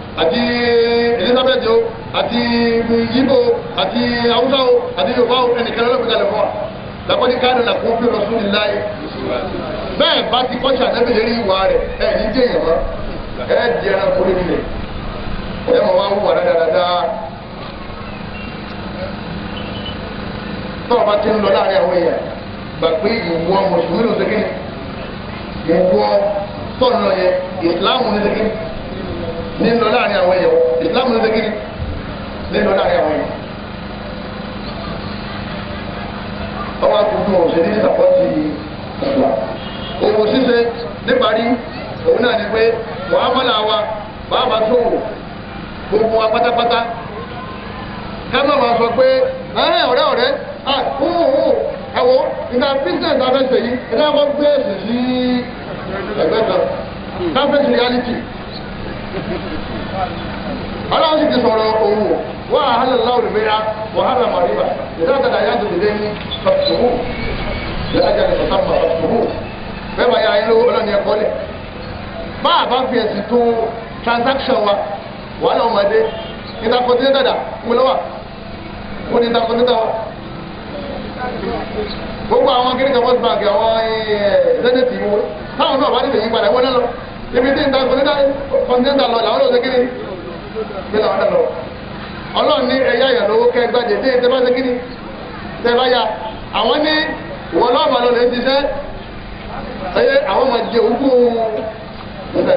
Speaker 1: àti elizabeth o àti yibo àti hausa o àti yorùbá o ẹnìkan lọ́wọ́ gbẹ̀gàlẹ̀ fún wa lakọ́ni káàdùn làkó fi rọ̀sùn ní láyé bẹ́ẹ̀ bá ti kọ́ṣà nẹ́bí lérí ìwà rẹ̀ ẹ̀ ní jẹ́ èèyàn mọ́ ẹ̀ di ẹranko lórí rẹ̀ ẹ̀ mọ̀ wá wúwa dáadáa tọ́ọ̀ bá ti ń lọ láàrin àwọn èèyàn gbà pé ìwọ mùsùlùmí ló ṣe kí ni ìwọ tọ́ọ̀ lọ yẹ ìsìláàmù ló ṣe kí ní lọ láàrin àwọn èèyàn ìsìlámù ló ṣe kí ní láàrin àwọn èèyàn. ọwọ́ àkùnkùn òṣèlú ìsàpọ̀tì ìsìlá òwò ṣíṣe níparí òun náà ni pé wàhálà wa bàbá sòwò gbogbo wa pátápátá ká má sọ pé ọ̀rẹ́ ọ̀rẹ́ ẹ̀wọ̀ ìgbà business abẹ́sẹ̀ yìí ìdá wọn gbé sí
Speaker 2: ẹgbẹ́ kan káfíńsì reality.
Speaker 1: aláwọ̀ sì ti sọ̀rọ̀ òun wà á hàn láwùrì mẹ́ra wà á ràmà rí bà ìdá àtàdá yá tó dédé ní sọ̀tùrù ìdájà ní sọ̀tàmà sọ̀tùrù bẹ́ẹ̀ bá yá ayé lówó ọlọ́ni ẹ̀kọ́ lẹ̀ bá a bá fi ẹ̀sìn tó transaction wa wàhálà ọmọdé ìtakọ̀tì dada mo lọ́wọ́ mo ní ìtakọ̀tì dada gbogbo àwọn kiri kan Bank àwọn ẹ̀ eh, ẹ̀ zenith ìwé táwọn náà bá dìde yín padà wọ́n lọ. níbi tí nǹkan kọ́ńtẹ́ńtà lọ làwọn lòdì kíni bí làwọn dà lọ ọlọ́run ní ẹ̀yà yẹn lówó dé tẹ́ bá tẹ́ bá yà àwọn ní wọ́n lọ lè ẹ̀yẹ àwọn máa jẹ òkú oṣù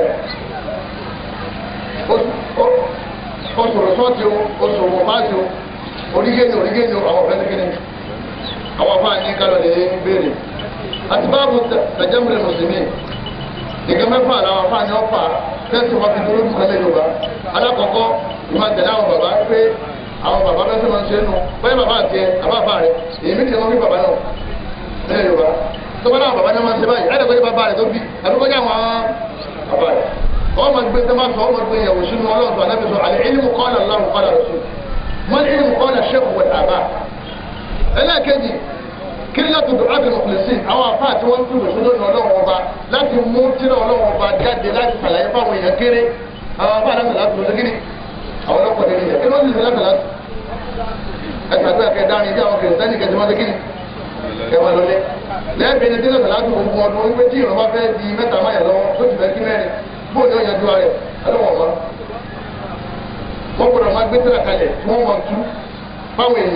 Speaker 1: oṣù àwọn ọ̀fẹ́ àwọn afáàní kálọ̀ lè béèrè àti báàbù mùsùlùmí. nǹkan mẹ́fà làwọn afáàní ọ̀fà tẹ́sí wọn fi dúró ìmọ̀lẹ́ yorùbá alákọ̀ọ́kọ́ ìmọ̀ tẹ̀lé àwọn bàbá pé àwọn bàbá bẹ́ẹ̀ sọ ma ń ṣe nù bẹ́ẹ̀ bàbá àti ẹ̀ àbáfà rẹ̀ èmi kì í mọ bí bàbá náà ní yorùbá tó bá bàbá náà máa ń ṣe báyìí ẹ̀rọ bàbá rẹ̀ tó bí àdúgbò jẹ́ bàbá rẹ̀ wọ́n máa gbé sẹ́mà sọ wọ́n gbé kíríyà tó dùn ábìlì mọ̀kìlẹ́sìn àwọn afá àti wọn tún lòsùn lónìí ọlọ́wọ́ ọba láti mú tíra ọlọ́wọ́ ọba jáde láti sàlàyé fáwọn èèyàn kéré àwọn afá àti sàlàtì lòsùn kiri àwọn ọlọ́pàá kéré yẹn kí ló ń sèse láti sàlàtì ẹsẹ̀ àgbẹ̀ kẹ dárin bí àwọn kìrìsìtẹ́nì kẹsì máa dékìrì kẹ wọn lọlé lẹ́ẹ̀bí ni tíra sàlàtì ògùn ọdún wọn pé tí ìrànwọ́ fẹ́ di mẹ́ta máyà lọ́wọ́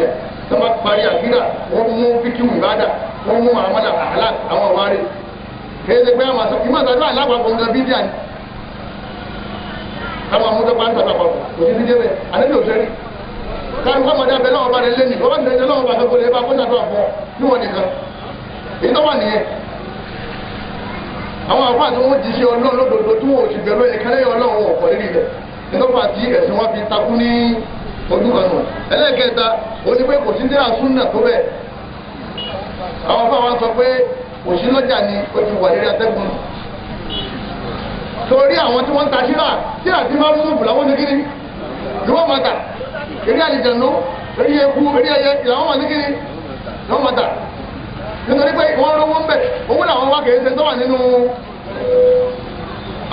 Speaker 1: sọ́mà parí àkírà wọ́n mú fíkìwù ìbádà wọ́n mú àmàlà àhàlà àwọn àwárí kéde pé àwọn àṣọ ìmọ̀ àtàdúrà alápapọ̀ nǹkan bíbí àná káwọn amúdó pa ń tàdúrà papọ̀ kò sí dídé bẹ́ẹ̀ ànábì ò sẹ́rí káwọn kọ́mọdé abẹ náà ọba rẹ lé ní ọba rẹ lé lọ́wọ́ bàtà kọlẹ̀ ẹ̀bá kọ́sà tó àpọ̀ níwọ̀n nìkan èyí tó wà nìyẹn àwọn àwọn àti wọn jí sí ọlọ́run lódodo tí wọn ò sì bẹ̀rù ẹ̀kẹ́lẹ́yìn ọlọ́run ọ̀pọ̀ lórí rẹ̀ nítorí àti ẹ̀sìn wọn fi takú ní ojú kan nù ẹlẹ́kẹta òní pé kò sí ní àsúnà tó bẹ̀ àwọn fáwọn sọ pé òsì lọ́jà ni ó ti wà lórí atẹ́gùn torí àwọn tí wọ́n ń ta síra síra tí máa ń sùn fúlàwọ́ ní kiri ni wọ́n máa tà eré àlìjẹ̀nu eré eku eré ẹyẹ ìlànà wọn ní kiri ni wọ́n máa tà nítorí pé wọ́n rówó ń bẹ̀ owó làwọn wá kéré ṣe tó wà nínú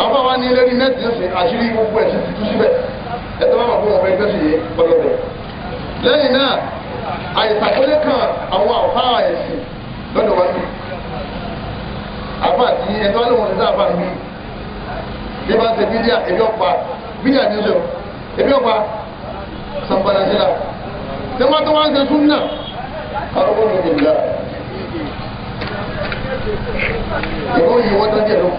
Speaker 1: àwọn wa ní lórí nẹ́ẹ̀tì àṣírí gbogbo ẹ̀sìn tuntun síbẹ̀ ẹ̀tọ́ máa fún ọ̀rẹ́ ìgbésùn yìí ọlọ́rẹ̀. lẹ́yìn náà àìsàkólé kan àwọn àfa ẹ̀sìn lọ́dọ̀ wá sí. àfa tí ẹ̀tọ́ ló wọn ti dá àfa mi. bí wọ́n ti bídíà ebi ọ̀pá bídíà ní sọ ebi ọ̀pá sanbala síra.
Speaker 2: tí wọ́n tó wá ń ṣe sún náà arúgbó ló ti bìlà. ìwọ́n yìí wọ́n tó jẹ̀ lọ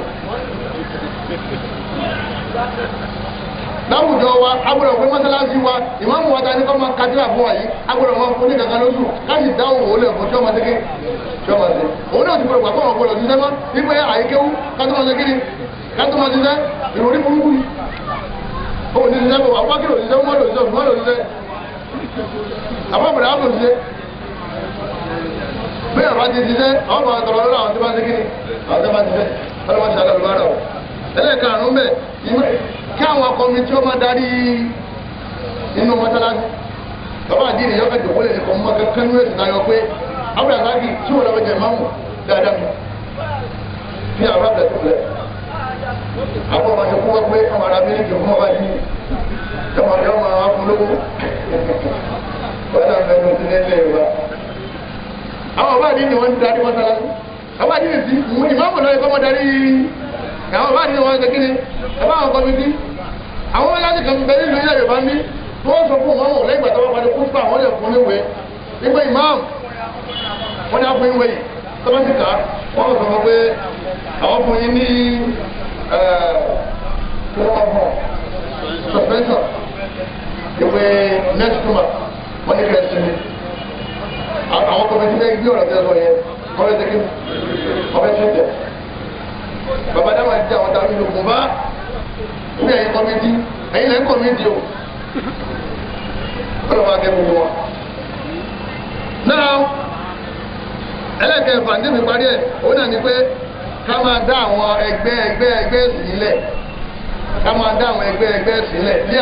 Speaker 2: láwùjọ wa
Speaker 1: agbọ́dọ̀ pé mọ́sálásí wa ìmáàmù wa ta ní kọ́ máa kájú àbọ̀ wáyé agbọ́dọ̀ wọn fún ní kankan lójú láti dá òun òun lè fún tíọ́mọ tẹ́kẹ́ tíọ́mọ tẹ́ òun náà ti gbọ́dọ̀ gbà fún ọ̀gbọ́dọ̀ ṣiṣẹ́ mọ́ wípé àyíkéwú kátọ́mọ ṣe kíni kátọ́mọ ṣiṣẹ́ ìròrí burúkú ni òun ti ṣiṣẹ́ bọ̀ wá wákìlò ṣiṣẹ́ mọ́lò ṣiṣẹ́ mọ́lò ṣiṣẹ́ àbọ̀bọ̀dà àbọ̀ ṣiṣẹ́ bẹ́ẹ̀ bá ti ṣiṣẹ́ ọmọ àtọ̀rọ̀ lọ́la àwọn tí wọ́n ṣe kíni ẹlẹ́ẹ̀karùn-ún bẹ̀ kí àwọn kọ́mítì ọmọ darí nínú mọ́sálásí bàbá àdìrí yọ fẹ́ dòkó lè ní kọ́mọ́ kankan ní ètò náà yọ pé abúlé àgbàgì tí wọn lọ́wọ́ jẹ máàmù dáadáa mi fi tó lẹ̀ pé àwọn ará bá yí ọmọ náà fẹ́ lọ sí àwọn àwọn bá nínú wọn ṣe kí ni ẹ̀bá àwọn kọ́mítì àwọn láti kàn bẹ nílùú ilẹ̀ Yorùbá ní tí wọ́n sọ fún wọn wọn lẹ́yìn ìgbàtọ́ wọn padà kú fún àwọn ẹ̀kọ́ níwèé nígbà ìmáàmù wọn ni a fún ìwé yìí tó bá ti kà á wọn sọ fún pé àwọn fún yín ní ẹ̀ẹ́dẹ́gbọ̀n suspension ìwé next month wọn ní kẹ́ ẹ̀ sinmi àwọn kọ́mítì bẹ́ẹ̀ gbé ọ̀rọ̀ tẹ́lẹ̀ lọ yẹn kọ́mítì kí ọ̀fẹ́ sí ìjẹ́. bàbá dáwà ti àwọn tàbí lòkùn bá ní ẹ̀yìn kọ́mẹ́tì ẹ̀yìn lẹ́yìn o kọ́lọ́ gbogbo wa. náà ẹlẹ́kẹ̀ẹ́fà elekere mi parí ẹ̀ ó náà ni pé ká máa dá àwọn ẹgbẹ́ ẹgbẹ́ ẹgbẹ́ sílẹ̀ ká máa dá àwọn ẹgbẹ́ ẹgbẹ́ sílẹ̀ ní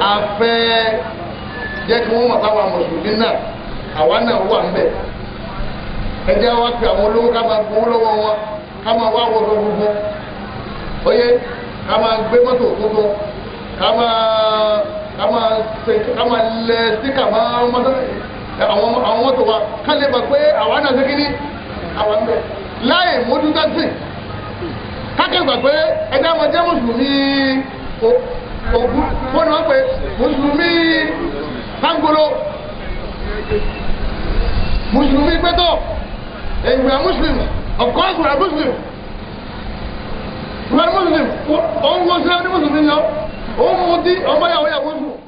Speaker 1: a fẹ́ jẹ́ kí wọ́n na ẹjẹ wa pe àwọn olówó ká máa gbowó lọ́wọ́ wọn ká máa wá wọ ọdọ gbogbo oyè ká máa gbé mọ́tò gbogbo ká máa ká máa ṣe ká máa lẹ síkà máa mọ́tò àwọn àwọn mọ́tò wa ká lè mọ̀ pé àwa náà ṣe kíní àwa ń bẹ láì mójútó sí kákẹ́gbà pé ẹjẹ àwọn jẹ́ mùsùlùmí ògùn wọn ni wọ́n pe mùsùlùmí sángolo mùsùlùmí gbẹ́tọ̀ and we are Muslims. Of course we are Muslims. We are Muslims. Òun wo sí ẹni Mùsùlùmí lọ,
Speaker 2: òun mú di ọmọ ìyàwó ìyàwó